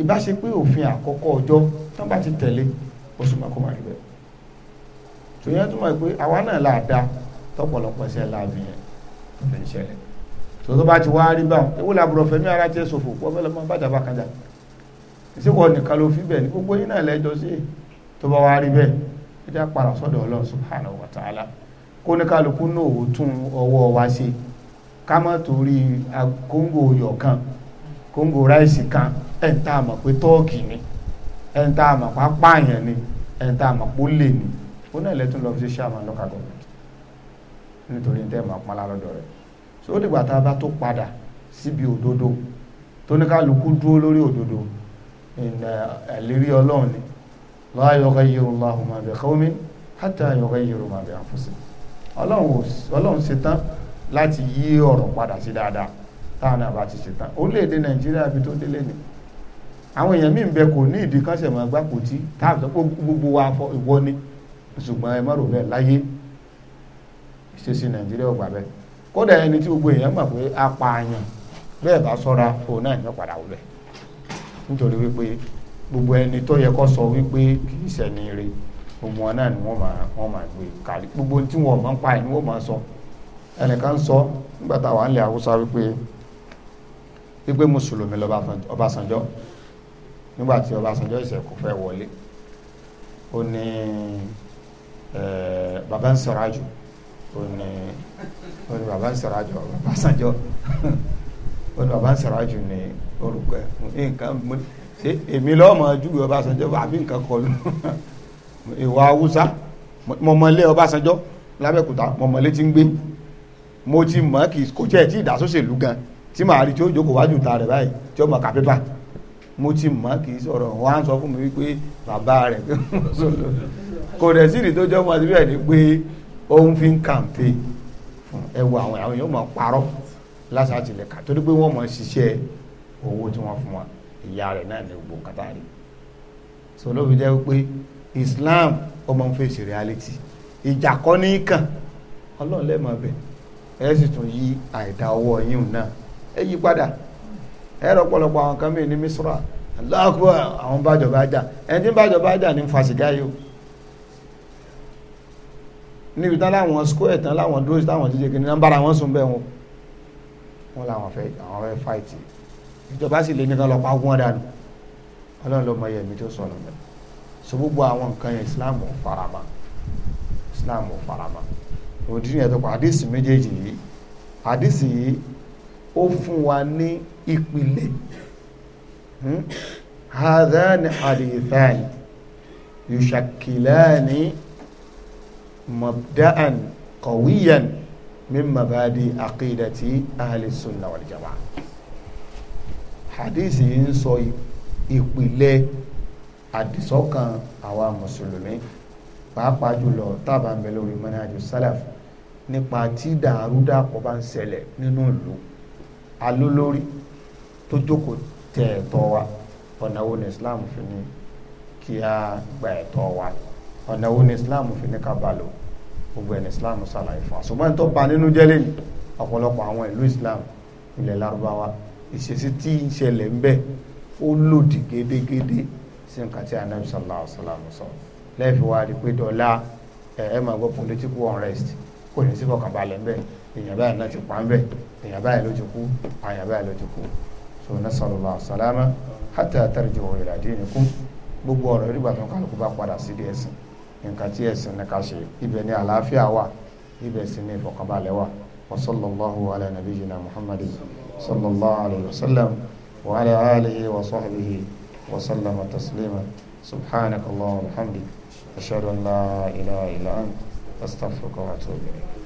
ìbá ṣe pé òfin àkọ́kọ́ ọjọ́ tó bá ti tẹ̀lé oṣù mọ́kọ́ máa rí bẹ́ẹ̀ tòyẹ́ tó mọ̀ pé àwa náà là dá tọ́pọ̀lọpọ̀ ṣe láàbì yẹn lè ń ṣẹlẹ̀ tó tó bá ti wá rí báwọn ewu làbúrò fẹ̀mí ara tiẹ̀ ṣòfò pọ̀ fẹ́ bàjá bá kan jà tó bá wá rí bẹ́ẹ̀ ẹ jẹ́ àpàrà sọ́dọ̀ ọlọ́run subhanahu wa ta'ala kó ní kálukú náà ò tún ọwọ́ wa ṣe ká má torí kóńgò oyọ̀ kan kóńgò ráìsì kan ẹ̀ ń tá a pé tọ́ọ̀kì ni ẹ̀ ń tá a pé apáàyàn ni ẹ̀ ń tá a mọ̀ pé ó lè ní ó náà lẹ́tún lọ́ọ́ fi ṣe àmọ́ lọ́ka gọ̀ọ̀mẹ̀tì nítorí tẹ́ mọ̀ pọ́n lálọ́dọ̀ rẹ̀ so ó dìgbà tá a bá tó padà síbi òdodo tóníkálukú dúró lórí òdodo eh, ìlérí ọlọ́run ni la yughayyiru Allahu ma bi qawmin hatta yughayyiru ma bi anfusihim ọlọ́run ọlọ́run ṣetán láti yí ọ̀rọ̀ padà sí dáadáa táwọn náà bá ti ṣetán orílẹ̀-èdè nàìjíríà fi tó délé ni àwọn èèyàn míì ń bẹ kò ní ìdí kánṣẹ̀ kò tí gbogbo wa fọ ìwọ ni ṣùgbọ́n ẹ má bẹ́ẹ̀ láyé nàìjíríà bẹ́ẹ̀ kódà ẹni tí gbogbo èèyàn mọ̀ pé apààyàn bẹ́ẹ̀ bá sọ́ra òun náà ní wọlé nítorí gbogbo ẹni tó yẹ kó sọ wípé kì í ṣẹni rè gbogbo wọn náà ni wọ́n máa wọ́n máa gbé kàlí gbogbo tí wọ́n máa ń pa ẹ̀ ni wọ́n máa sọ ẹnìkan sọ nígbà táwa ń lẹ̀ haúsá wípé wípé mùsùlùmí lọ́bàṣánjọ́ nígbà tí ọbàṣánjọ́ ìṣẹ̀kù fẹ́ wọlé ó ní bàbá ń sọ̀rọ̀ àjò ó ní ó ní bàbá ń sọ̀rọ̀ àjò ọbàṣánjọ́ ó ní bàbá ń sọ̀rọ̀ àjò ní orúkọ ẹ̀ nǹkan ṣe èmi lọ́mọ júwe Ọbásanjọ́ àbí nǹkan kọlu ìwà Haúsá mọ̀mọ́lé Ọbásanjọ́ lábẹ́kúta mọ̀mọ́lé ti ń gbé mo ti mọ̀ kì kò tiẹ̀ tí ìdásóṣèlú gan tí màá rí tí ó jókòó wájú ta rẹ̀ báyìí tí ó mọ̀ ká pépà mo ti mọ̀ kì í sọ̀rọ̀ wọ́n á sọ fún mi wípé bàbá rẹ̀ kò dẹ̀ sí ìdí tó jọ́ mọ́ síbẹ̀ ni pé òun fi ń kàǹpé ẹwọ àwọn èèyàn mọ̀ parọ́ lásàtìlẹ̀ka torí pé wọ́n mọ̀ ṣiṣẹ́ owó tí wọ́n fún wọn ìyá rẹ̀ náà ní gbogbo nǹkan tá a rí so ló fi jẹ́ pé Islam ó máa ń fèsì reality ìjà kọ́ ní kàn ọlọ́run lẹ́ẹ̀mọ́ bẹ̀ ẹ sì tún yí àìdá ọwọ́ yín náà ẹ yí padà ẹ rọ pọ̀lọpọ̀ àwọn kan mìíràn ní Misra aláàkúbọ̀ àwọn bájọba jà ẹni tí bájọba jà ní fàṣígá yìí o níbi tán láwọn square tán láwọn dúró sí táwọn jíjẹ kìnìún náà ń bára wọn sùn bẹ́ẹ̀ wọn wọn làwọn fẹ́ àwọn fẹ́ fáìtì ìjọba sì lè ní kan lọ pa ogun ọ̀dà nù ọlọ́run ló mọ iye mi tó sọ̀rọ̀ mẹ́ so gbogbo àwọn nǹkan yẹn islam ò farama islam ò farama òdì yẹn tó kọ àdìsí méjèèjì yìí àdìsí yìí ó fún wa ní ìpìlẹ̀ hmm? hadhani hadithani yushakilani mabda'an qawiyan min mabadi aqidati ahli sunna wal jama'a hadith yìí ń sọ ìpìlẹ̀ àdìsọ́kàn àwa mùsùlùmí pàápàá jùlọ tábà ń bẹ lórí manhaju salaf nípa tí dàrúdàpọ̀ bá ń ṣẹlẹ̀ nínú ìlú alólórí tó jókòó tẹ ẹ̀tọ́ wa ọ̀nà wo ni islam fi ní kí a gba ẹ̀tọ́ wa ọ̀nà wo ni islam fi ní ká bá lò gbogbo ẹni islam ṣàlàyé fún wa ṣùgbọ́n tó ba nínú jẹ́ ọ̀pọ̀lọpọ̀ àwọn ìlú islam ilẹ̀ larubawa ìṣesí tí ń ṣẹlẹ̀ ń bẹ̀ ó lòdì gédégédé sí nǹkan tí anabi sallallahu alayhi wa sallam sọ lẹ́ẹ̀fi wá rí pé dọ́là ẹ máa gbọ́ political unrest kò ní sí fọkànbalẹ̀ ń bẹ̀ èèyàn báyìí náà ti pa ń bẹ̀ èèyàn báyìí ló ti kú àyàn báyìí ló ti kú so nasallallahu alayhi wa sallam hatta tarji'u ila dinikum gbogbo ọ̀rọ̀ ìdìbò àti kálukú bá padà sí di ẹ̀sìn nǹkan tí ẹ̀sìn ní ká ṣe ibẹ̀ ni àlàáfíà wà ibẹ̀ sì ni ìfọkànbalẹ̀ wà wa sallallahu ala nabiyyina muhammadin. صلى الله عليه وسلم وعلى آله وصحبه وسلم تسليما سبحانك اللهم وبحمدك أشهد أن لا إله إلا أنت أستغفرك وأتوب إليك